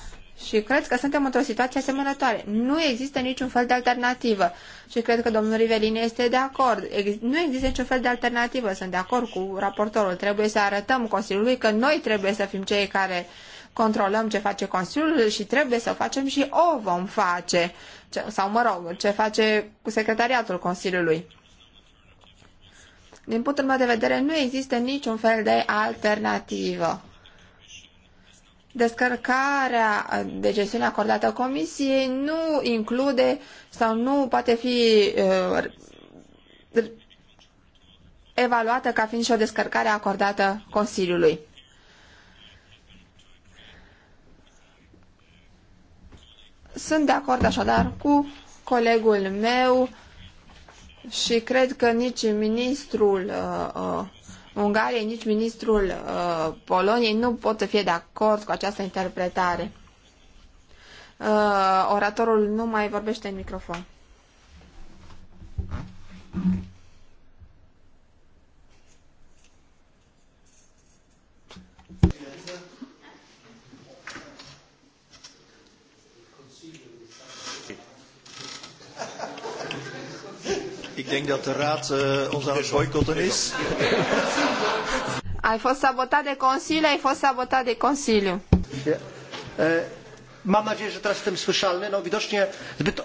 Și cred că suntem într-o situație asemănătoare. Nu există niciun fel de alternativă. Și cred că domnul Rivelin este de acord. Ex nu există niciun fel de alternativă. Sunt de acord cu raportorul. Trebuie să arătăm Consiliului că noi trebuie să fim cei care controlăm ce face Consiliul și trebuie să o facem și o vom face. Ce, sau, mă rog, ce face cu secretariatul Consiliului. Din punctul meu de vedere, nu există niciun fel de alternativă descărcarea de gestiune acordată Comisiei nu include sau nu poate fi uh, evaluată ca fiind și o descărcare acordată Consiliului. Sunt de acord așadar cu colegul meu și cred că nici ministrul uh, uh, Ungariei, nici ministrul uh, Poloniei nu pot să fie de acord cu această interpretare. Uh, oratorul nu mai vorbește în microfon. denk dat de Raad uh, ons aan het boycotten is. Ai fost sabotat de Consiliu, ai fost sabotat de Consiliu. mam nadzieję, że teraz jestem słyszalny. No widocznie zbyt...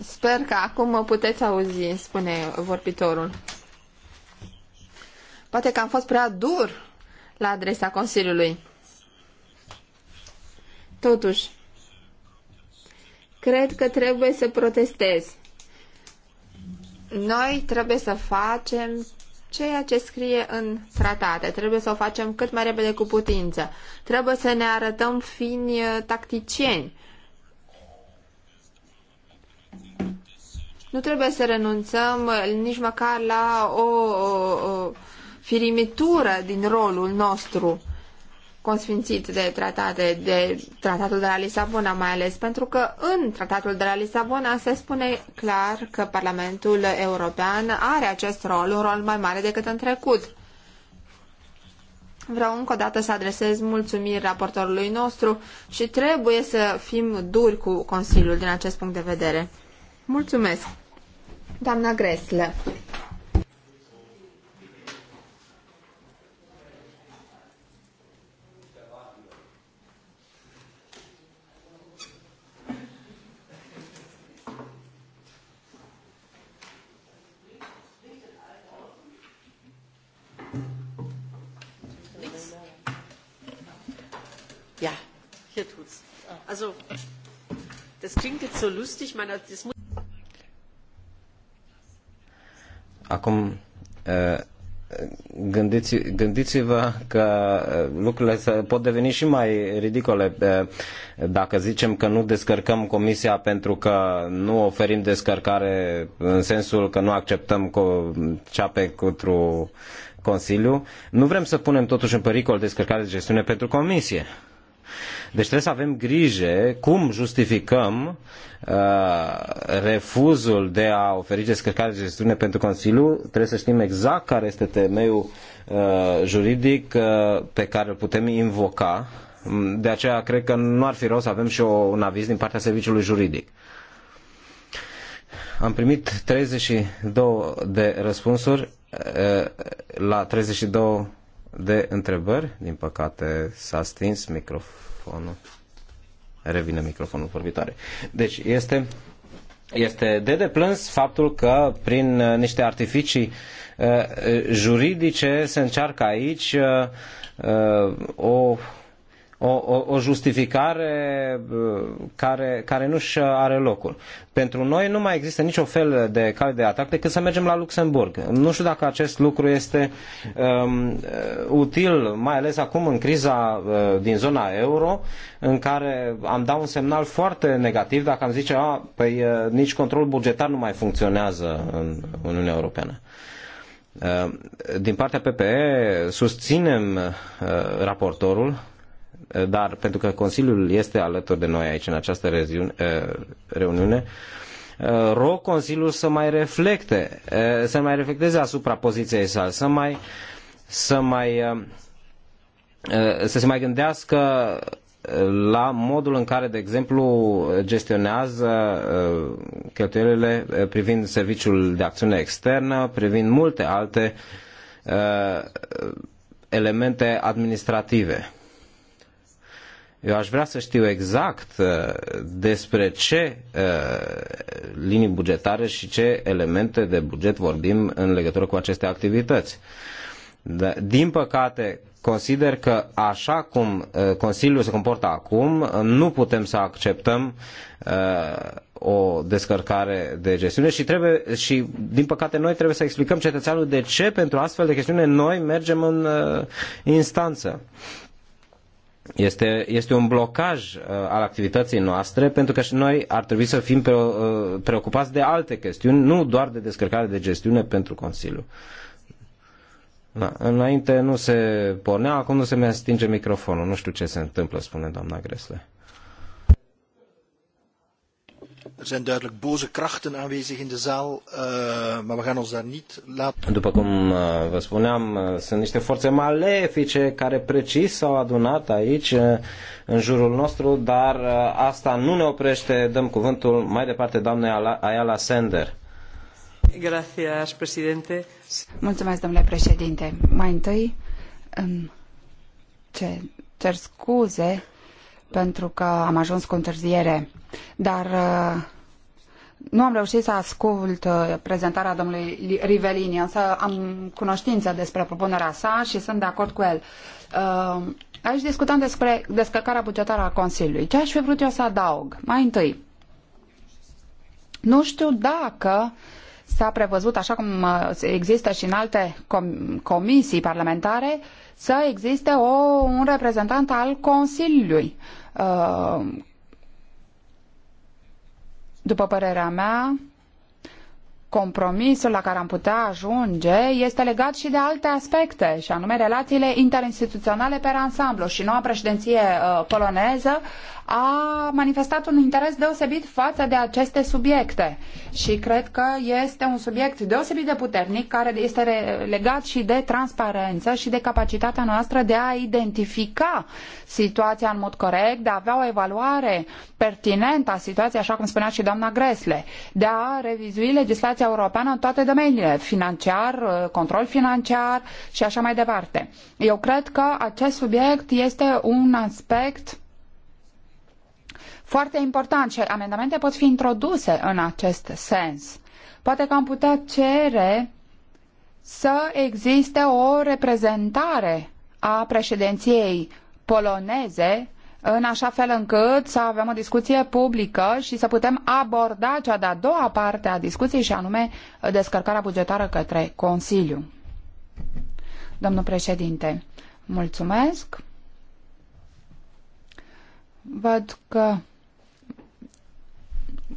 Sper că acum mă puteți auzi, spune vorbitorul. Poate că am fost prea dur la adresa Consiliului. Totuși, cred că trebuie să protestez. Noi trebuie să facem ceea ce scrie în tratate. Trebuie să o facem cât mai repede cu putință. Trebuie să ne arătăm fiind uh, tacticieni. Nu trebuie să renunțăm uh, nici măcar la o, o, o firimitură din rolul nostru consfințit de tratate, de tratatul de la Lisabona mai ales, pentru că în tratatul de la Lisabona se spune clar că Parlamentul European are acest rol, un rol mai mare decât în trecut. Vreau încă o dată să adresez mulțumiri raportorului nostru și trebuie să fim duri cu Consiliul din acest punct de vedere. Mulțumesc! Doamna Also, das klingt jetzt so lustig, meine, das muss Acum, gândiți, gândiți-vă că lucrurile pot deveni și mai ridicole dacă zicem că nu descărcăm comisia pentru că nu oferim descărcare în sensul că nu acceptăm cu cea pentru Consiliu. Nu vrem să punem totuși în pericol descărcarea de gestiune pentru comisie. Deci trebuie să avem grijă cum justificăm uh, refuzul de a oferi descărcare de gestiune pentru Consiliu. Trebuie să știm exact care este temeiul uh, juridic uh, pe care îl putem invoca. De aceea cred că nu ar fi rău să avem și o, un aviz din partea serviciului juridic. Am primit 32 de răspunsuri uh, la 32 de întrebări. Din păcate s-a stins microfonul. Revine microfonul vorbitoare. Deci este, este de deplâns faptul că prin uh, niște artificii uh, juridice se încearcă aici uh, o o, o, o justificare uh, care, care nu-și are locul. Pentru noi nu mai există nicio fel de cale de atac decât să mergem la Luxemburg. Nu știu dacă acest lucru este um, uh, util, mai ales acum în criza uh, din zona euro, în care am dat un semnal foarte negativ dacă am zice, a, păi uh, nici controlul bugetar nu mai funcționează în Uniunea Europeană. Uh, din partea PPE susținem raportorul Eh, dar pentru că Consiliul este alături de noi aici în această eh, reuniune, eh, rog Consiliul să mai reflecte, să mai reflecteze asupra poziției sale, să mai să mai să se mai gândească la modul în care, de exemplu, gestionează cheltuielile privind serviciul de acțiune externă, privind multe alte elemente administrative. Eu aș vrea să știu exact uh, despre ce uh, linii bugetare și ce elemente de buget vorbim în legătură cu aceste activități. Da, din păcate, consider că așa cum uh, Consiliul se comportă acum, nu putem să acceptăm o descărcare de gestiune și, trebuie, și din păcate noi trebuie să explicăm cetățeanului de ce pentru astfel de chestiune noi mergem în instanță. Uh, este, este un blocaj uh, al activității noastre pentru că și noi ar trebui să fim pre, uh, preocupați de alte chestiuni, nu doar de descărcare de gestiune pentru Consiliu. Da, înainte nu se pornea, acum nu se mai stinge microfonul. Nu știu ce se întâmplă, spune doamna Gresle. Er zijn duidelijk boze krachten aanwezig in de zaal, eh, maar we gaan ons daar niet laten. După cum eh, vă spuneam, eh, sunt niște forțe malefice care precis s-au adunat aici în jurul nostru, dar asta nu ne oprește. Dăm cuvântul mai departe doamnei Ayala Sender. Gracias, presidente. Mulțumesc, domnule președinte. Mai întâi, cer, cer scuze pentru că am ajuns cu întârziere, dar uh, nu am reușit să ascult uh, prezentarea domnului Rivelini, însă am cunoștință despre propunerea sa și sunt de acord cu el. Uh, aici discutăm despre descărcarea bugetară a Consiliului. Ce aș fi vrut eu să adaug? Mai întâi, nu știu dacă s-a prevăzut, așa cum există și în alte com comisii parlamentare, să existe o, un reprezentant al Consiliului. Uh, după părerea mea, compromisul la care am putea ajunge este legat și de alte aspecte, și anume relațiile interinstituționale pe ansamblu. Și noua președinție uh, poloneză a manifestat un interes deosebit față de aceste subiecte. Și cred că este un subiect deosebit de puternic care este legat și de transparență și de capacitatea noastră de a identifica situația în mod corect, de a avea o evaluare pertinentă a situației, așa cum spunea și doamna Gresle, de a revizui legislația legislația europeană în toate domeniile, financiar, uh, control financiar și așa mai departe. Eu cred că acest subiect este un aspect foarte important și amendamente pot fi introduse în acest sens. Poate că am putea cere să existe o reprezentare a președinției poloneze în așa fel încât să avem o discuție publică și să putem aborda cea de-a doua parte a discuției și anume descărcarea bugetară către Consiliu. Domnul președinte, mulțumesc. Văd că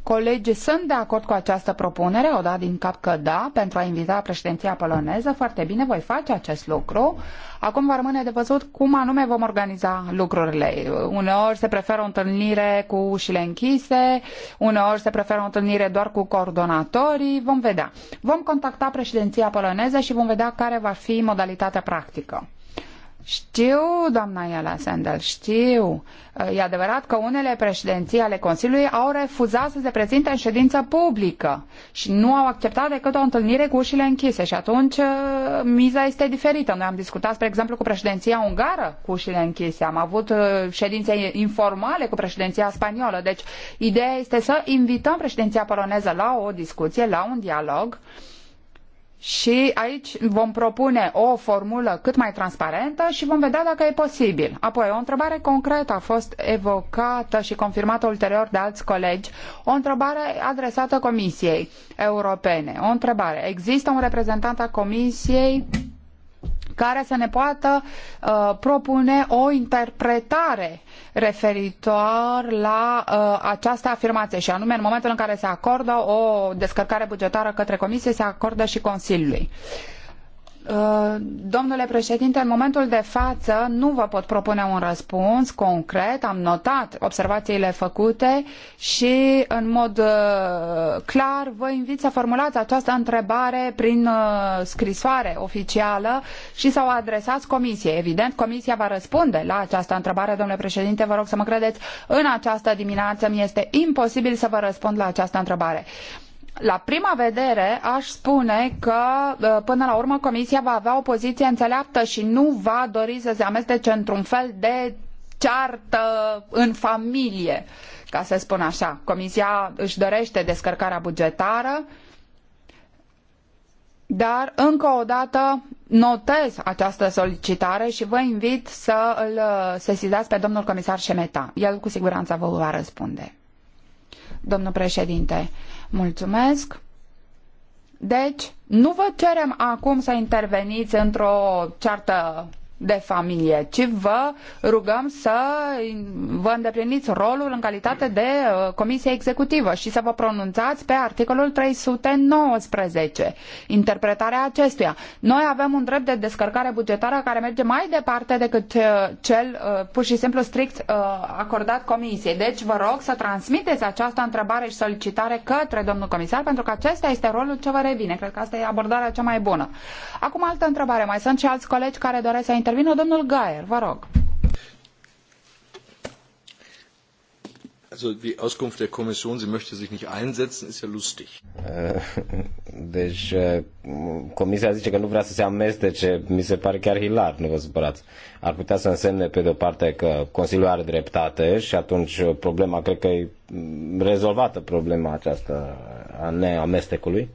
Colegii sunt de acord cu această propunere, o da din cap că da, pentru a invita președinția poloneză. Foarte bine, voi face acest lucru. Acum va rămâne de văzut cum anume vom organiza lucrurile. Uneori se preferă o întâlnire cu ușile închise, uneori se preferă o întâlnire doar cu coordonatorii, vom vedea. Vom contacta președinția poloneză și vom vedea care va fi modalitatea practică. Știu, doamna Iala Sandel, știu. E adevărat că unele președinții ale Consiliului au refuzat să se prezinte în ședință publică și nu au acceptat decât o întâlnire cu ușile închise și atunci uh, miza este diferită. Noi am discutat, spre exemplu, cu președinția ungară cu ușile închise, am avut uh, ședințe informale cu președinția spaniolă. Deci, ideea este să invităm președinția poloneză la o discuție, la un dialog și aici vom propune o formulă cât mai transparentă și vom vedea dacă e posibil. Apoi, o întrebare concretă a fost evocată și confirmată ulterior de alți colegi, o întrebare adresată Comisiei Europene. O întrebare. Există un reprezentant al Comisiei care să ne poată uh, propune o interpretare referitor la uh, această afirmație și anume în momentul în care se acordă o descărcare bugetară către Comisie, se acordă și Consiliului. Uh, Uh, domnule președinte, în momentul de față nu vă pot propune un răspuns concret. Am notat observațiile făcute și în mod uh, clar vă invit să formulați această întrebare prin uh, scrisoare oficială și să o adresați comisiei. Evident, comisia va răspunde la această întrebare. Domnule președinte, vă rog să mă credeți, în această dimineață mi este imposibil să vă răspund la această întrebare la prima vedere aș spune că până la urmă Comisia va avea o poziție înțeleaptă și nu va dori să se amestece într-un fel de ceartă în familie, ca să spun așa. Comisia își dorește descărcarea bugetară, dar încă o dată notez această solicitare și vă invit să îl sesizați pe domnul comisar Șemeta. El cu siguranță vă va răspunde. Domnul președinte, Mulțumesc. Deci, nu vă cerem acum să interveniți într-o ceartă de familie, ci vă rugăm să vă îndepliniți rolul în calitate de uh, comisie executivă și să vă pronunțați pe articolul 319, interpretarea acestuia. Noi avem un drept de descărcare bugetară care merge mai departe decât uh, cel uh, pur și simplu strict acordat comisiei. Deci vă rog să transmiteți această întrebare și solicitare către domnul comisar, pentru că acesta este rolul ce vă revine. Cred că asta e abordarea cea mai bună. Acum altă întrebare. Mai sunt și alți colegi care doresc să intervină intervină domnul Gaier, vă rog. Also die Auskunft der Kommission, sie möchte sich nicht einsetzen, ist ja lustig. Eh, deci, eh, Comisia zice că nu vrea să se amestece, mi se pare chiar hilar, nu vă supărați. Ar putea să însemne, pe de-o parte, că Consiliul are dreptate și atunci problema, cred că e rezolvată problema aceasta a neamestecului.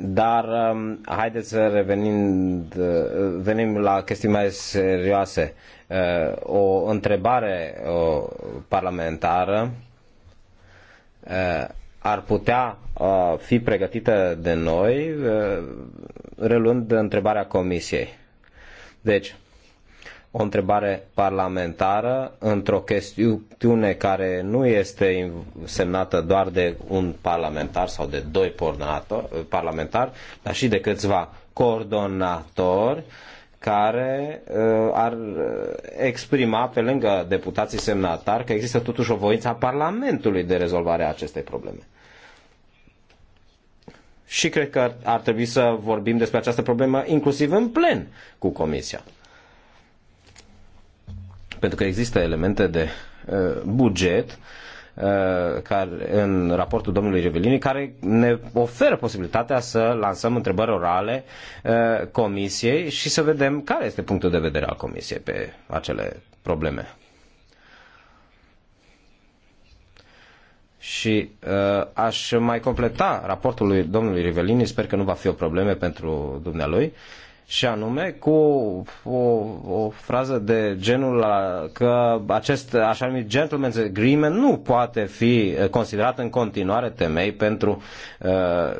Dar um, haideți să revenim venim la chestii mai serioase. Uh, o întrebare parlamentară uh, ar putea uh, fi pregătită de noi reluând întrebarea comisiei. Deci, o întrebare parlamentară într-o chestiune care nu este semnată doar de un parlamentar sau de doi parlamentari, dar și de câțiva coordonatori care uh, ar uh, exprima pe lângă deputații semnatari că există totuși o voință a Parlamentului de rezolvare a acestei probleme. Și cred că ar trebui să vorbim despre această problemă inclusiv în plen cu Comisia pentru că există elemente de uh, buget uh, care, în raportul domnului Revelini, care ne oferă posibilitatea să lansăm întrebări orale uh, comisiei și să vedem care este punctul de vedere al comisiei pe acele probleme. Și uh, aș mai completa raportul lui domnului Rivelini, sper că nu va fi o problemă pentru dumnealui. Uh, și anume cu o, o frază de genul că acest așa numit gentleman's agreement nu poate fi eh, considerat în continuare temei pentru uh,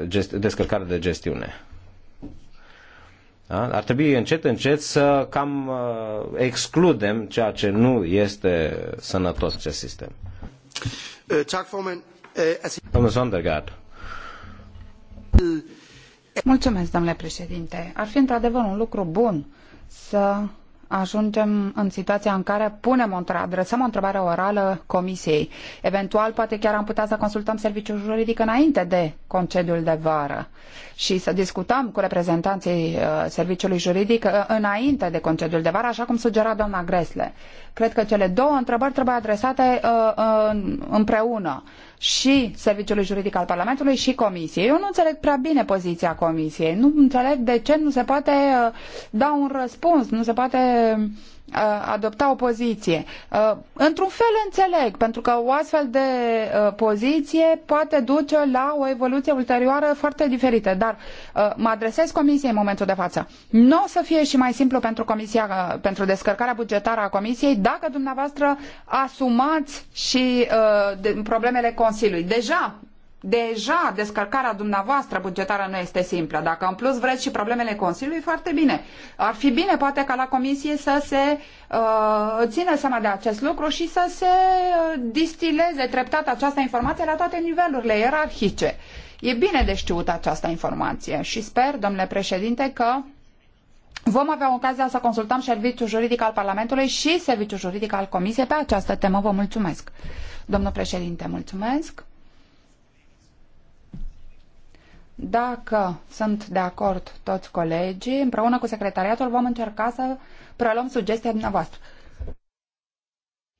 gest, descărcare de gestiune. Da? Ar trebui încet, încet să cam uh, excludem ceea ce nu este sănătos acest sistem. Uh, tak, Domnul Sondergaard. Uh Mulțumesc, domnule președinte. Ar fi într-adevăr un lucru bun să ajungem în situația în care punem o adresăm o întrebare orală comisiei. Eventual, poate chiar am putea să consultăm serviciul juridic înainte de concediul de vară și să discutăm cu reprezentanții uh, serviciului juridic uh, înainte de concediul de vară, așa cum sugera doamna Gresle. Cred că cele două întrebări trebuie adresate uh, împreună și Serviciului Juridic al Parlamentului și Comisiei. Eu nu înțeleg prea bine poziția Comisiei. Nu înțeleg de ce nu se poate uh, da un răspuns, nu se poate adopta o poziție. Într-un fel înțeleg, pentru că o astfel de poziție poate duce la o evoluție ulterioară foarte diferită, dar mă adresez Comisiei în momentul de față. Nu o să fie și mai simplu pentru, comisia, pentru descărcarea bugetară a Comisiei dacă dumneavoastră asumați și problemele Consiliului. Deja Deja descărcarea dumneavoastră bugetară nu este simplă. Dacă în plus vreți și problemele Consiliului, foarte bine. Ar fi bine poate ca la comisie să se uh, țină seama de acest lucru și să se uh, distileze treptat această informație la toate nivelurile ierarhice. E bine de știut această informație și sper, domnule președinte, că Vom avea ocazia să consultăm serviciul juridic al Parlamentului și serviciul juridic al Comisiei pe această temă. Vă mulțumesc. Domnul președinte, mulțumesc. Dacă sunt de acord toți colegii, împreună cu secretariatul vom încerca să preluăm sugestia dumneavoastră.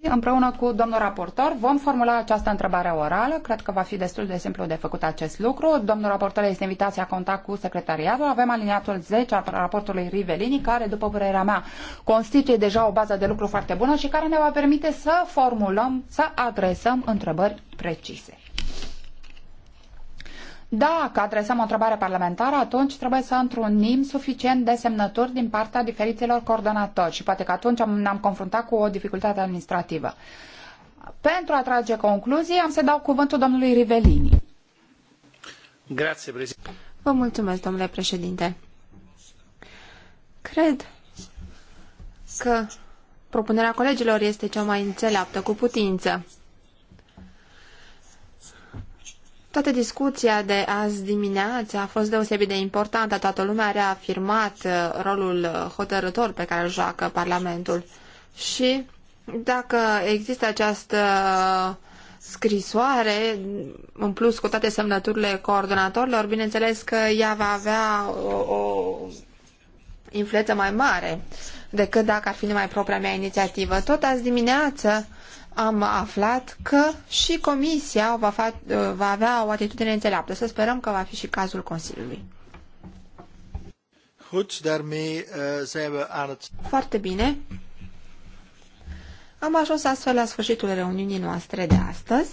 Împreună cu domnul raportor vom formula această întrebare orală. Cred că va fi destul de simplu de făcut acest lucru. Domnul raportor este invitat să ia contact cu secretariatul. Avem aliniatul 10 al raportului Rivelini, care, după părerea mea, constituie deja o bază de lucru foarte bună și care ne va permite să formulăm, să adresăm întrebări precise. Dacă adresăm o întrebare parlamentară, atunci trebuie să întrunim suficient de semnături din partea diferiților coordonatori și poate că atunci ne-am confruntat cu o dificultate administrativă. Pentru a trage concluzii, am să dau cuvântul domnului Rivelini. Grazie, Vă mulțumesc, domnule președinte. Cred că propunerea colegilor este cea mai înțeleaptă cu putință. Toată discuția de azi dimineață a fost deosebit de importantă. Toată lumea a reafirmat uh, rolul uh, hotărător pe care îl joacă Parlamentul. Și dacă există această uh, scrisoare, în plus cu toate semnăturile coordonatorilor, bineînțeles că ea va avea o, o influență mai mare decât dacă ar fi numai propria mea inițiativă. Tot azi dimineață am aflat că și Comisia va, fa- va avea o atitudine înțeleaptă. Să sperăm că va fi și cazul Consiliului. Eh, Foarte bine. Am ajuns astfel la sfârșitul reuniunii noastre de astăzi.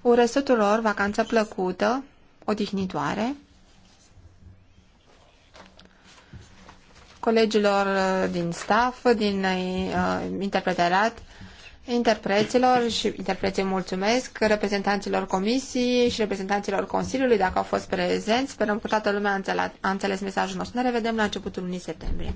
Urez tuturor vacanță plăcută, odihnitoare. colegilor uh, din staff, din uh, uh interpreților și interpreții mulțumesc, reprezentanților comisiei și reprezentanților Consiliului dacă au fost prezenți. Sperăm că toată lumea a înțeles, a înțeles mesajul nostru. Ne revedem la începutul lunii septembrie.